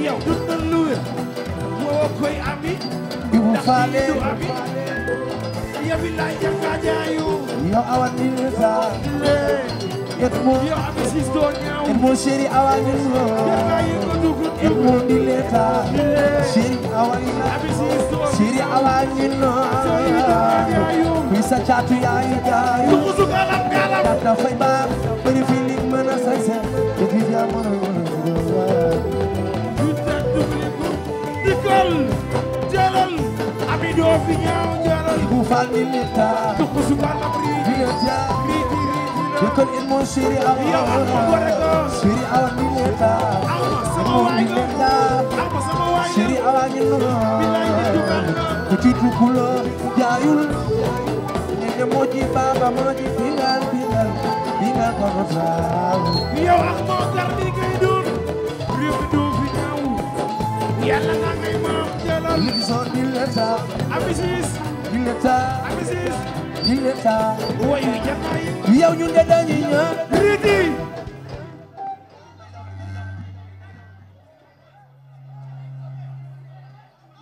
yow du na luwe woo koy ami ibu faale du ami yabi lay jangajaayu yow awa nirza etmo yow ami sis doo ñaaw etmo chéri awa nirza jangayi ko dugut etmo dileta chéri awa nirza chéri awa nirza wisa caatu yaayu jaayu tukusu galam galam daf dafay baax bëri fi lig mën a sañ sañ te di jaamono jëlal jëlal abidoo fi ñaaw jëlal bu fàlli li taa tukku su kàlla bri bi la jaa bi bi bi kon il mon chéri awa yow ak ma gore ko chéri awa ni le taa awa sama waay ko awa sama waay chéri awa ñu no ku ci tukulo jaayul ne moo ci baba moo ci bingal bingal bingal ko ko yow ak moo gar di ngay dund réew mi yàlla nga may moom jëlal li gisoon di la taa amisis di di la taa wayu jamaay yow ñun de dañuy ñaan ridi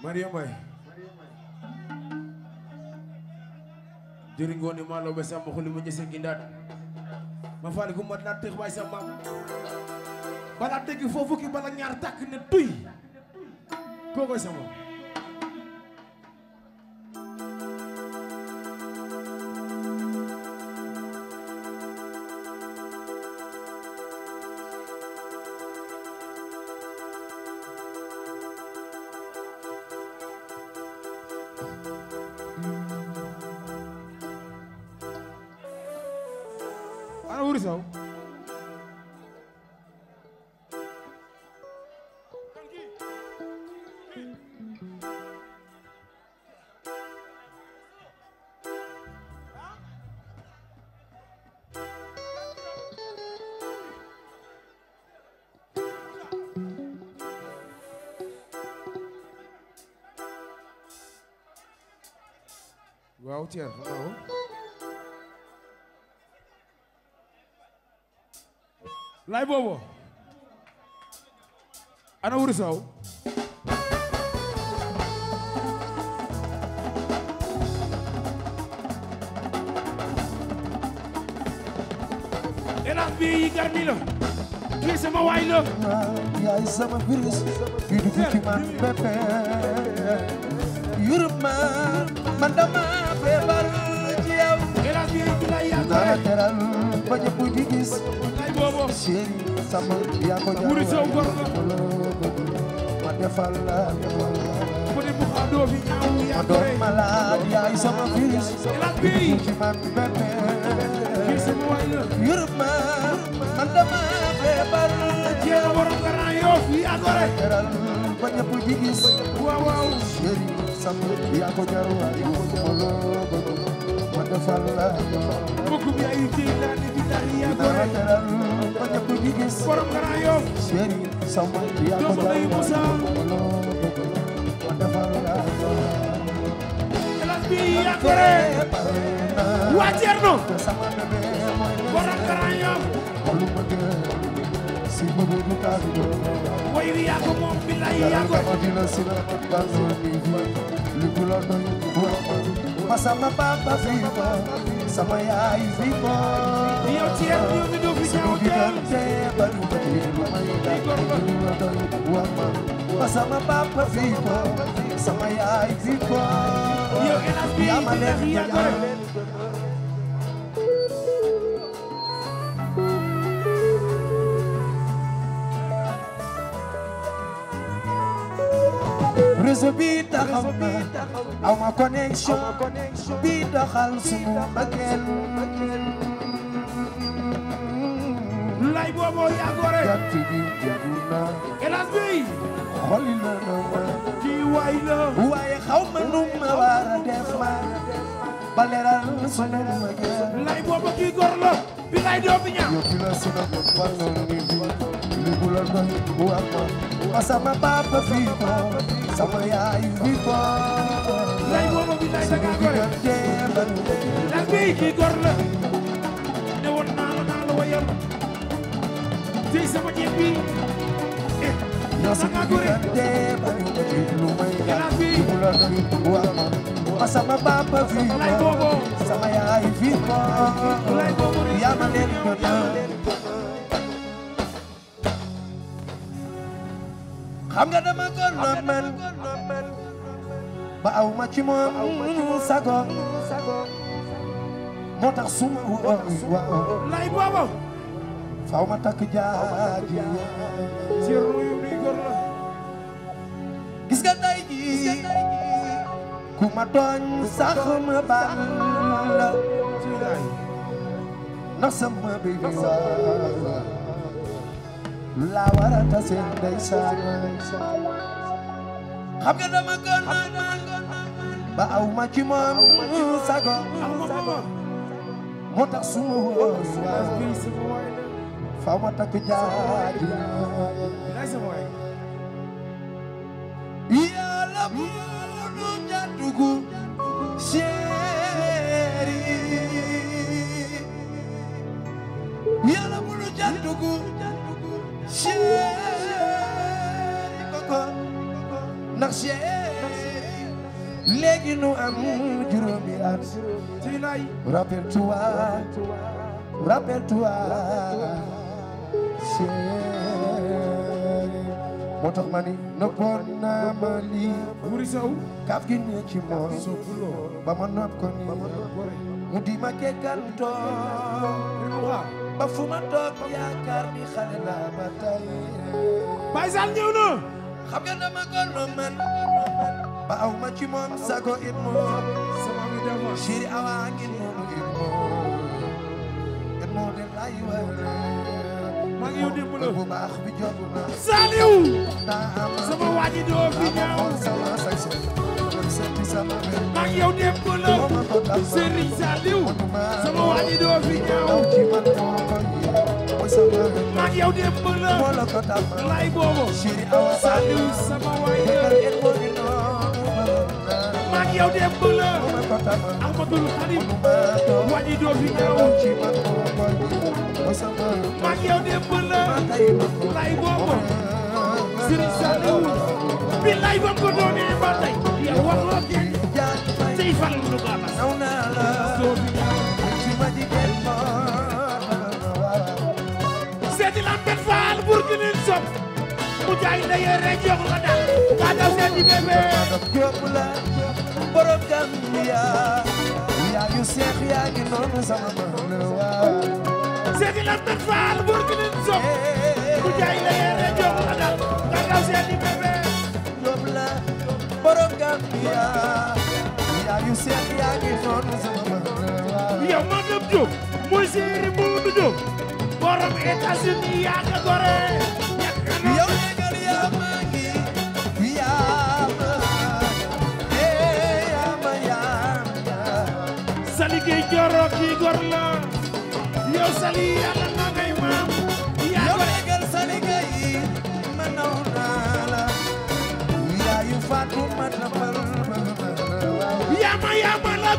Maria May jëriñ ngoon ni maa loobe sama xuli ma ma faal gu ma daat tëx waay sa balaa tegi foofu ki bala ñaar tàkk ne tuy kookoy sama waaw Thier lay boobo ana wuri saw. bi yi garmi la. sama waay la. yaay sama biris. di dugg ci man pepe. yërëm ma man dama. sabar ci yow hélas bi du la yàq dara teral ba ñëpp di gis ay boobu chéri sama yaa ko jaar wuri sow gor ma defal la ko di bu xado fi ñaaw yaa ko rey ma la yaay sama fils hélas bi ci man bébé fils mu way la yërëm ma man dama feebar ci yow borom garan yof yaa ko rey teral ba ñëpp di gis waaw waaw chéri yaa ko jar waaye ko jaroo ba doon ma defal la mbokku bi ay jéy bi daal yaa ba ñëpp di gis bi yaa gore waa Thierno borom Grand Yoff xolu ma si bëgg du taal way wi yaa ko lu la doy ma sama papa fi ko sama yaay fi ko yow ci yàlla ñëw ñu ñëw fi ñëw teel ba lu bëri lu may dàgg lu la doy wa ma ma sama papa fi ko sama yaay fi ko yow enas bi yaa ma leen yàgg Recipe taxaw na aw lay boobu yaa gore jàtti bi jàddu na elas bi xoli na ma kii waay la waaye xaw ma ma war a def ma ba leeral suñu mbëggeel lay boobu kii gor la bi lay doo bi ñaa yóbbu la suñu mbëggeel li bu la doon waa ma sama papa fii ko sama yaay bi boor lay booba bi lay daga gore la bi ki gor la ne woon naa la naa la wayal tey sama jeeg bi eh daga gore la bi wa sama papa fi lay boobo sama yaay fi boor lay boobo yaa ma leen ko xam nga dama góor ma ci moom sago moo tax suma waaw lay boobu faaw ma takk jaaji ci ruyu bi góor gis nga tey ji ku ma tooñ sax ma baal la ndax sama bi waaw la wara ta seen ndeysaan xam nga dama gën ba aw ma ci moom sago moo tax suma wóor faw ma takk jaaju yàlla bu nu jàddugu chéri yàlla bu nu jàddugu chéri koko ndax chéri léegi nu am juróomi at ci lay rappelle-toi rappelle-toi ma ni noppoon naa ma lii buri saw kaaf gi ci moom ba ma nopp ko nii mu di ma kekkal toog ba fu ma toog yaakaar ni xale laa ba tey Baye Sall ñëw na xam nga dama gono ba aw ma ci moom sago in moom sama mi dem chéri awa ngin moomu in moom in moo de lay wara ma ngi yow démb la bu baax bi jot na Saliou sama waa ji doo fi ñaaw maa ngi yow démb Serigne Saliou sama waa ji doo fi ñaaw maag yow dem ba la lay boobu Saliou sama waay maag yow dem ba la Ahmadul Xadim waa ji doo fi ñaaw maag yow dem ba la lay boobu Serigne Saliou bi lay ba ko doonee ba tey yow wax la jaay na yee rek jox la dal kaga seeti bébé jóob la borom Gambia yaayu seex yaa ngi noonu sama man waa seeti la mber faal buur gi leen sopp bu jaay na yee rek jox la dal kaga seeti bébé jóob la borom Gambia a seet yaa ngi noonu sama bëgg yow madame Diop mooy séeri Moodu Diop borom États-Unis yaa ka gore yow léegal yaa maa ngi yaa maa ee eh, yaa ma yaa ma sa liggéey joro kii gor la yow sali yaa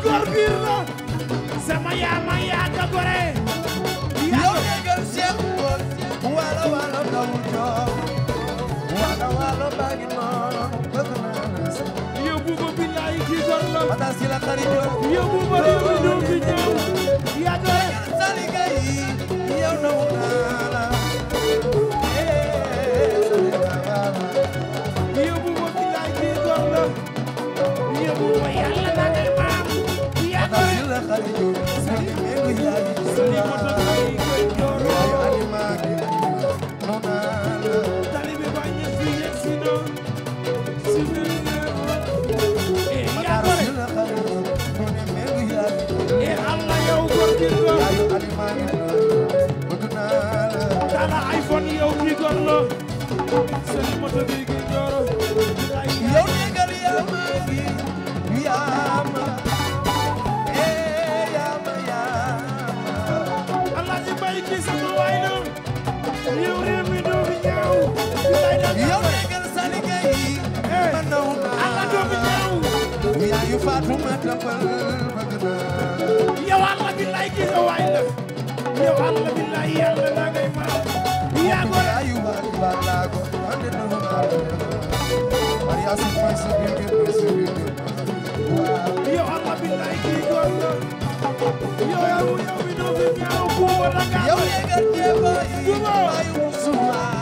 góor biir la sama yaa ma yaa ka gore yow de gën seex woon wala wala daw ñoo wala wala baa ngi noonu bëgg naa la sa yow buuba billaay kii góor la atas yi la xarit yow yow buuba yow mi doom bi ñëw yaa gore sa liggéey yow naw naa la yow buuba billaay kii góor la yow buuba yàlla Tala iPhone yow kii góor la faatu ma tambal ma gënal yow Allah billahi ki yow ay la yow Allah billahi yàlla na ngay ma yaa ko ayu ba ba la ko ande no ma ay asu ma su bi ke ko su bi ke yow Allah billahi ki ko yow yow yow no fi ñaaw ko la nga yow yegal te ba yi ayu suma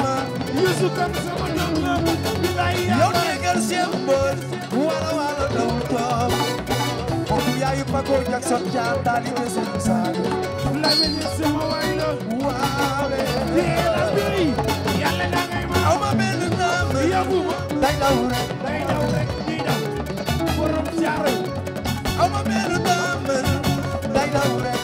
sukar sama dundam yow negal seen mbër wala wala doom doom kooku yaayu Paco Jackson jaar taalibe seen saali lamin yi sama waay la waawe yeela biri yàlla da ngay ma aw ma benn naam yabuma day daw rek day daw rek di daw borom jaar aw ma benn naam day daw rek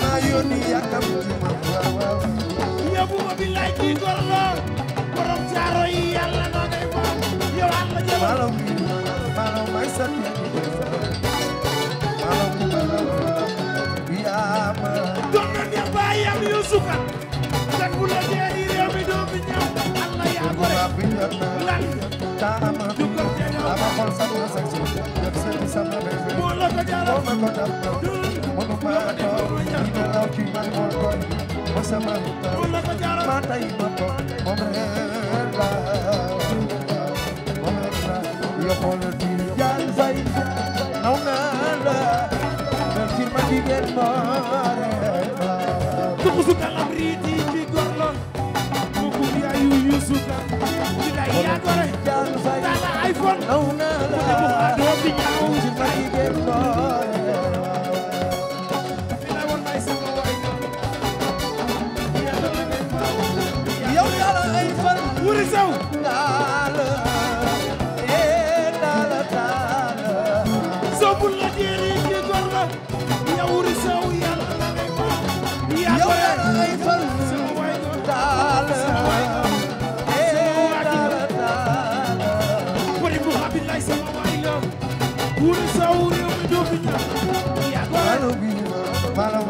maa yónni yàkkamti ma waaw waaw yóbbu ma bi laaj yi góor la borom jaaro yi yàlla noo ngay moom yow àll jëm maalaw bi maalaw may sat maalaw bi bi yaama doon na ne baayam yoo suka tan bu la dee di réew mi doo fi ñëw àlla yaa gore bi lan taama du ko te doo ama xol sax na sax ci def seen sam na bébé moo la ko jaral moo ma ko dal sama ma tay ma ko moom reer la moom reer la yokkol dir jaal fay naw naa la del tir ma jigéen ma reer la tuxusu kalam riiti ci gorlon bu ku yaayu yusuka ci day yaa gore jaal fay tala iphone naw naa la bu ko adoo bi ñaaw ci ma jigéen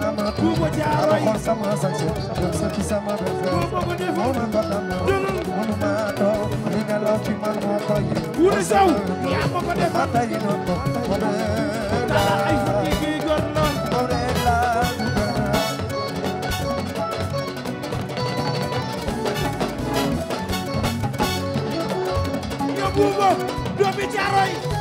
ama kubo jaaro yi sama sanse soki sama bese bobo defo na ngata munu ma to ringa lo fi man mo to yi wuri saw ya mo ko def ata yi no ko wala dala ay fukki gi gor non ore la yo bubo do bi jaaro yi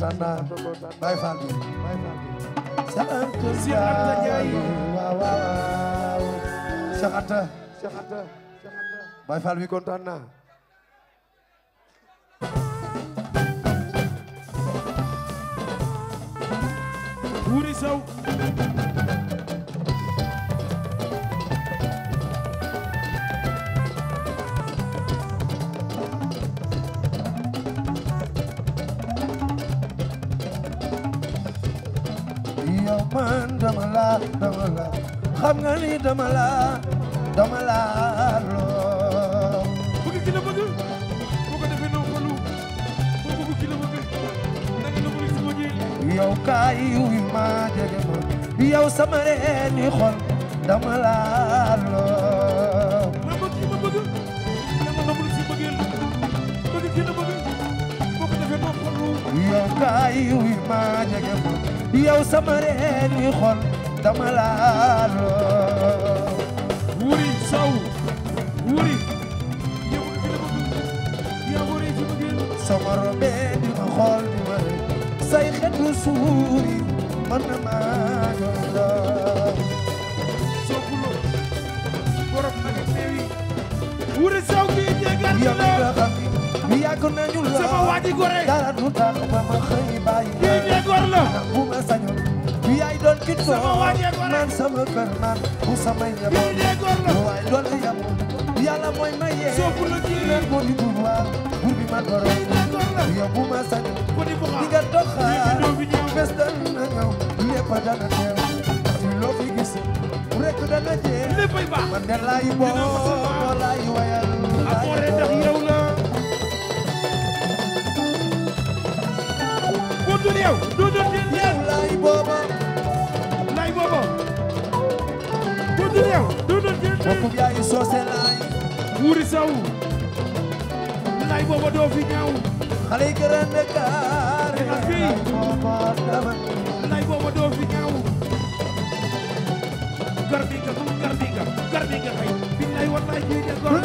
tànn naa Baay Faal bi sant Yàlla waaw waaw Cheikh Anta Baay Faal bi yow kaay wuy ma jege ma yow sama reeni xol dama laa loo ma bëgg ma bëgg na bëgg boo ko defee moo xolu yow kaay wuri saw wuri yow na bëgg yow wuri si bëggeel xool di ak Rasuul man maa la soppuloo borom nag neewi wuri saw gi jegal la yàgg nañu la sama waaji gore dara du tax ba ma xëy bàyyi kii jegor la bu ma sañoon yaay doon ki sama waaji gore man sama kër man bu sama yebo kii jegor la waay doon yàlla mooy maye soppuloo ji leen ko di bu bi ma goro yow bu ma sañ di nga doxal bés dana ñëw lépp dana fi gis rek dana jeex léppay baax man de laay boo laay wayal amoore tax yow la bu dul yow du dul yow laay booba laay booba bu dul yow du dul fi ñaaw xale yi ren de lay booba doo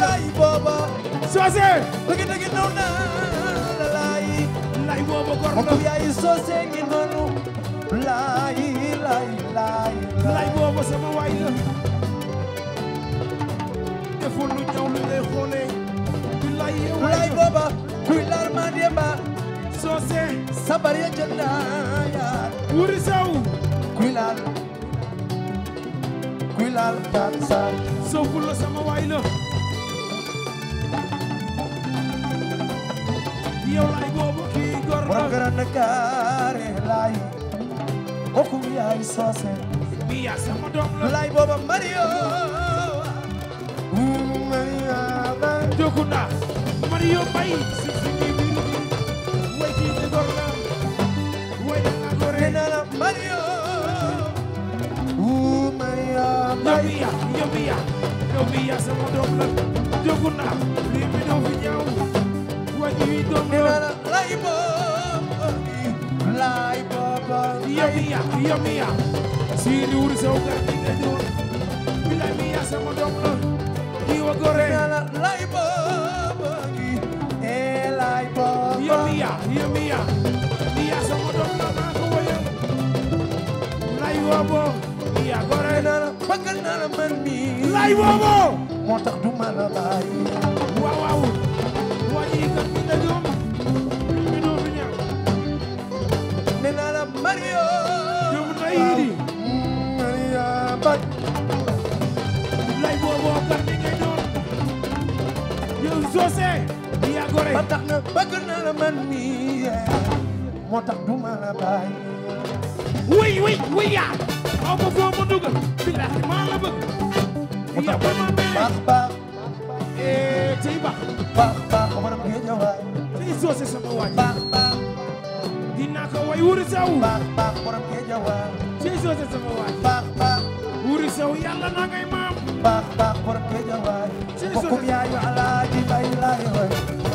lay booba soose dëgg dëgg naw na lay lay booba gor la yaay lay booba sama waay la deful lu ñaaw lu lay booba Kuilar Mariamba Sose Sabaria Janaya Urisau Kuilar Kuilar Tansa Sofulo sama wailo Yow lay boobu kii gor la Wagara Ndakaare lay Okum yaay Sose Mi yaa sama doom la Lay booba Mario Mario Mario Mario Mario yombiya yombiya yombiya sama doom la jogu na li mi do fi ñaaw wañu yi doom la lay bo lay bo yombiya yombiya si li wur saw gar di nga doon bilay ya sama doom la booboo yaa e gore na la bëgg na la man mi lay booboo moo tax du ma la bàyyi borom géejawaay. ci soose sama waay. baax baax. wuri sew yàlla na ngay maam. baax baax borom géejawaay. ci soose mbokkum yaayu alaaji mbay laay waay.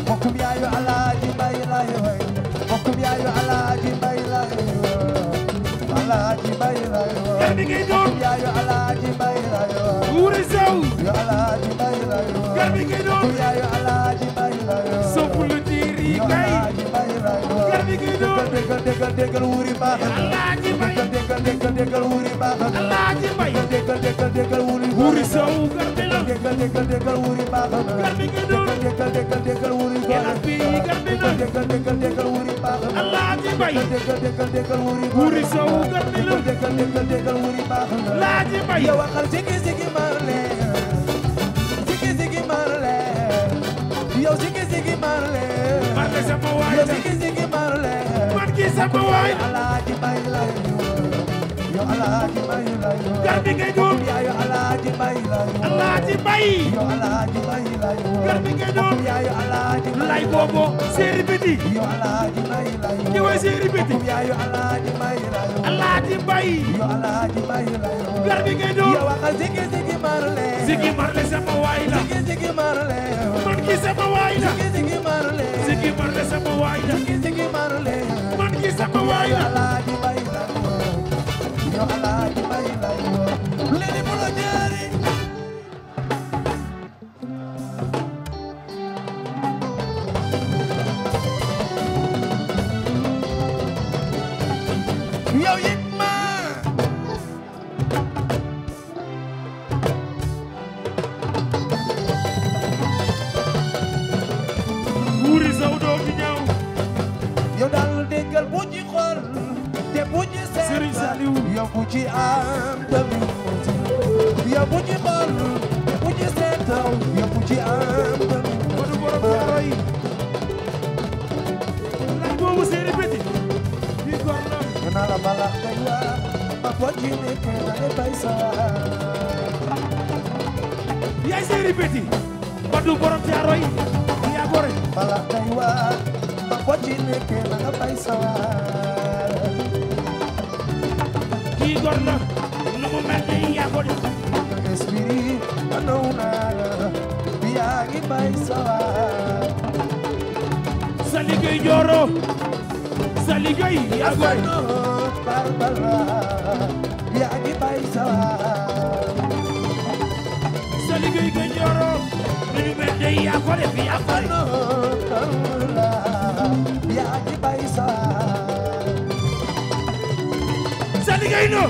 mbokkum yaayu alaaji mbay laay waay. mbokkum yaayu alaaji mbay laay waay. alaaji mbay laay waay. yéen mi ngi doon. mbokkum yaayu alaaji mbay laay waay. wuri sew. yu alaaji mbay laay waay. yéen mi ngi doon. mbokkum yaayu alaaji mbay laay waay. sopulu diiri kay. yu alaaji mbay laay waay. déggal déggal déggal déggal wuuri baax na déggal déggal déggal déggal wuuri baax na déggal déggal déggal wuuri wuuri sow garbi la déggal déggal déggal wuuri baax na garbi gi do déggal déggal déggal wuuri garbi garbi la déggal déggal déggal wuuri baax na laaji bay déggal déggal déggal wuuri wuuri sow garbi la déggal déggal déggal wuuri baax na laaji bay yow waxal sigi sigi marle sigi sigi marle yow sigi sigi marle Mbacké sama waay la sigi sigi marle man kii sama waay Alaaji Mbay la ñu yo Alaaji Mbay la ñu garbi ngay doon ya yo Alaaji Mbay la ñu Alaaji Mbay yo Alaaji Mbay la ñu garbi ngay doon ya yo Alaaji lay bobo séeri biti yo Alaaji Mbay la ñu ki way séeri biti ya yo Alaaji Mbay la ñu Alaaji Mbay yo Alaaji Mbay la ñu garbi ngay doon ya waxal sigi sigi Ziggy Marley sama waay la Ziggy Marley man ki sama waay la Ziggy Marley Ziggy Marley sama waay la Ziggy Marley man ki sama waay la Boy Nioro Sali Gueye yaa koy yaa ngi bay sawar Sali Gueye Boy Nioro nu ñu mel dey yaa ko def yaa koy yaa ngi bay sawar Sali Gueye no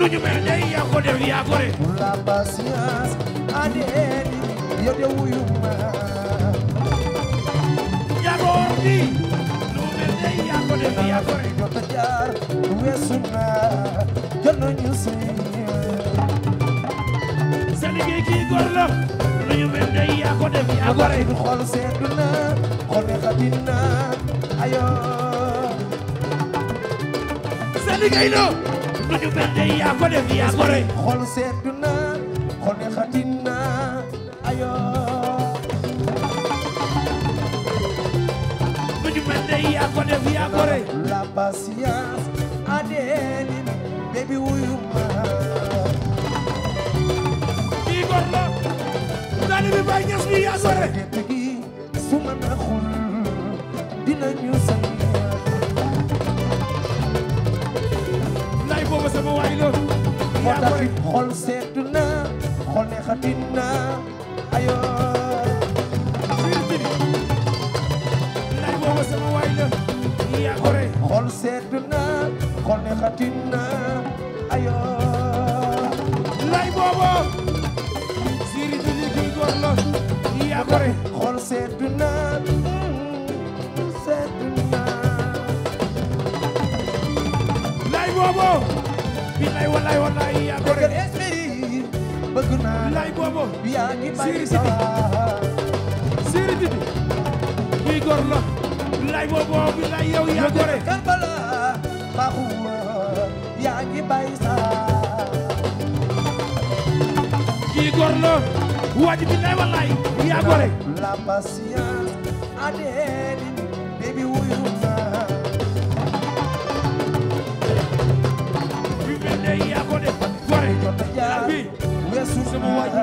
nu ñu mel dey yaa ko def yaa koy la patience ade yo de wuyu ma lii lu mel ne yaa ko def yaa ko rek doota jaar weesu na jot nañu si sa liggéey kii góor la lu mel ne yaa ko def yaa ko rek xool seetu na xool ne xatin na ayo sa liggéey lo lu mel ne yaa ko def yaa ko rek xool seetu na ko yaa ko rey la patience adeline baby wuyu ma kii gor la daani bi bay ñas bi yaa sore su ma naxul dina ñu say lay booba sama waay la yaa ko xol seetu na xol neexatina sedd na xol ne xatin na ayo lay boobo siri juli kuy góor la yaa gore xol sedd na mm, sedd na lay boobo bilay walay walay yaa gore bëgg naa lay boobo yaa ngi bàyyi sawar siri juli kuy góor la lay boobo bilay yow yaa gore ma uma yaa ngi bay sa lay yaa gore la patience adeeni baby wuyu ma bi mel yaa ko gore la bi weesu sama waaji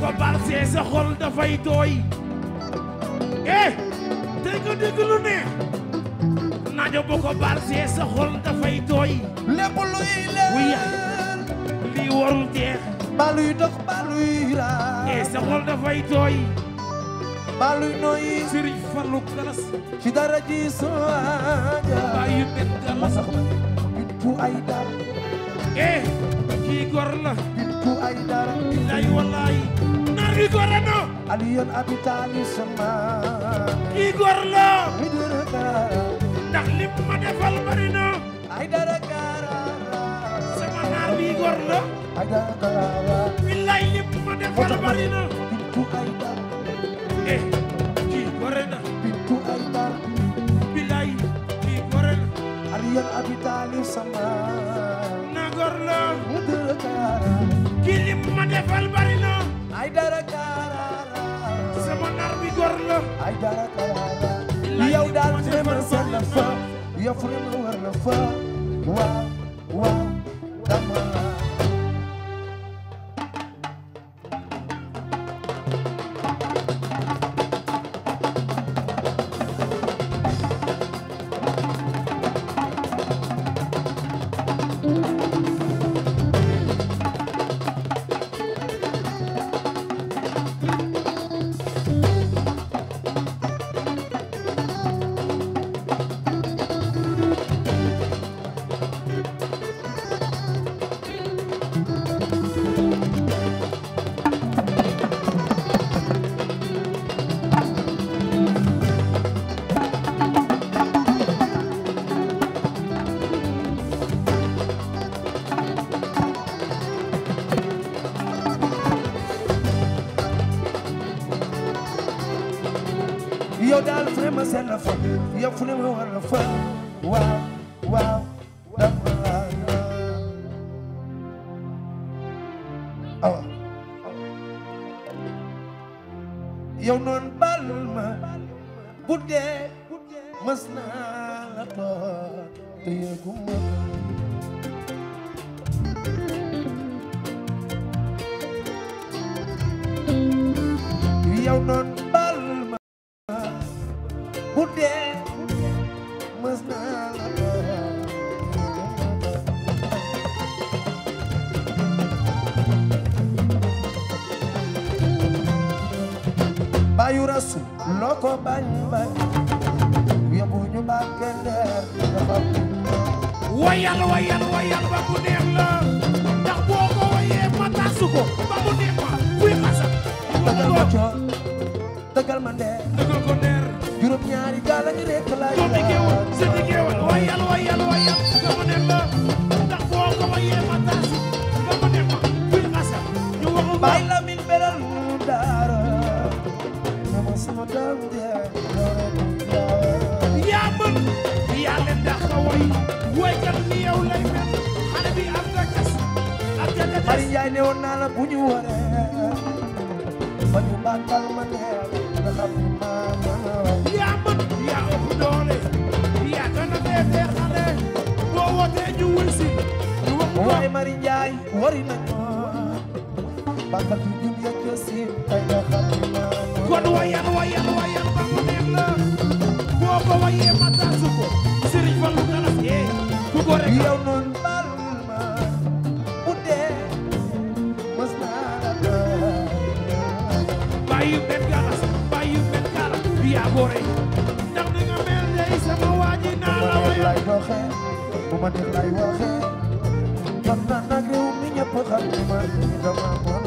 ko balsee a xol dafay tooy eh dégg nga dégg lu neex naajo boo ko balsee sa xol dafay tooy lépp luy leer lii warul jeex baluy dox baluy raay eh sa xol dafay tooy baluy noyyi Sëriñ Fallu Galas ci dara ji sooja bàyyi benn galas bit bu ay dara eh kii gor la bit bu ay dara billaay wallaay kii góor la non. Alioune Abitali sama. kii góor la. muy dara kaara. ndax lim ma defal bari na. ay dara kaara. sama naar bii góor la. ay dara kaara. billaay eh, lim ma defal bari na. bintu ay dar. eh kii góor na. bintu ay dar. billaay kii góor na. Alioune Abitali sama. na góor la. muy dara kaara. kii lim ma defal bari na. ay dara karara sama nar bi gor la ay dara karara yow daal vraiment seet la fa yow vraiment war la fa waaw waaw dama يفلح الفلاح bu ñu waree ba ñu bàkkal ma neex nga xam ni maama yaa mën yaa ëpp doole yaa gën a feete xale boo wootee ñu wuy si ñu wax waay Mari Njaay wari nañu bàkkal fi jum ya jësi tey nga xam góore ndax ni nga mel day sama waa ji naa la wayal bu ma neex lay waxee jot na nag réew mi ñëpp xam ni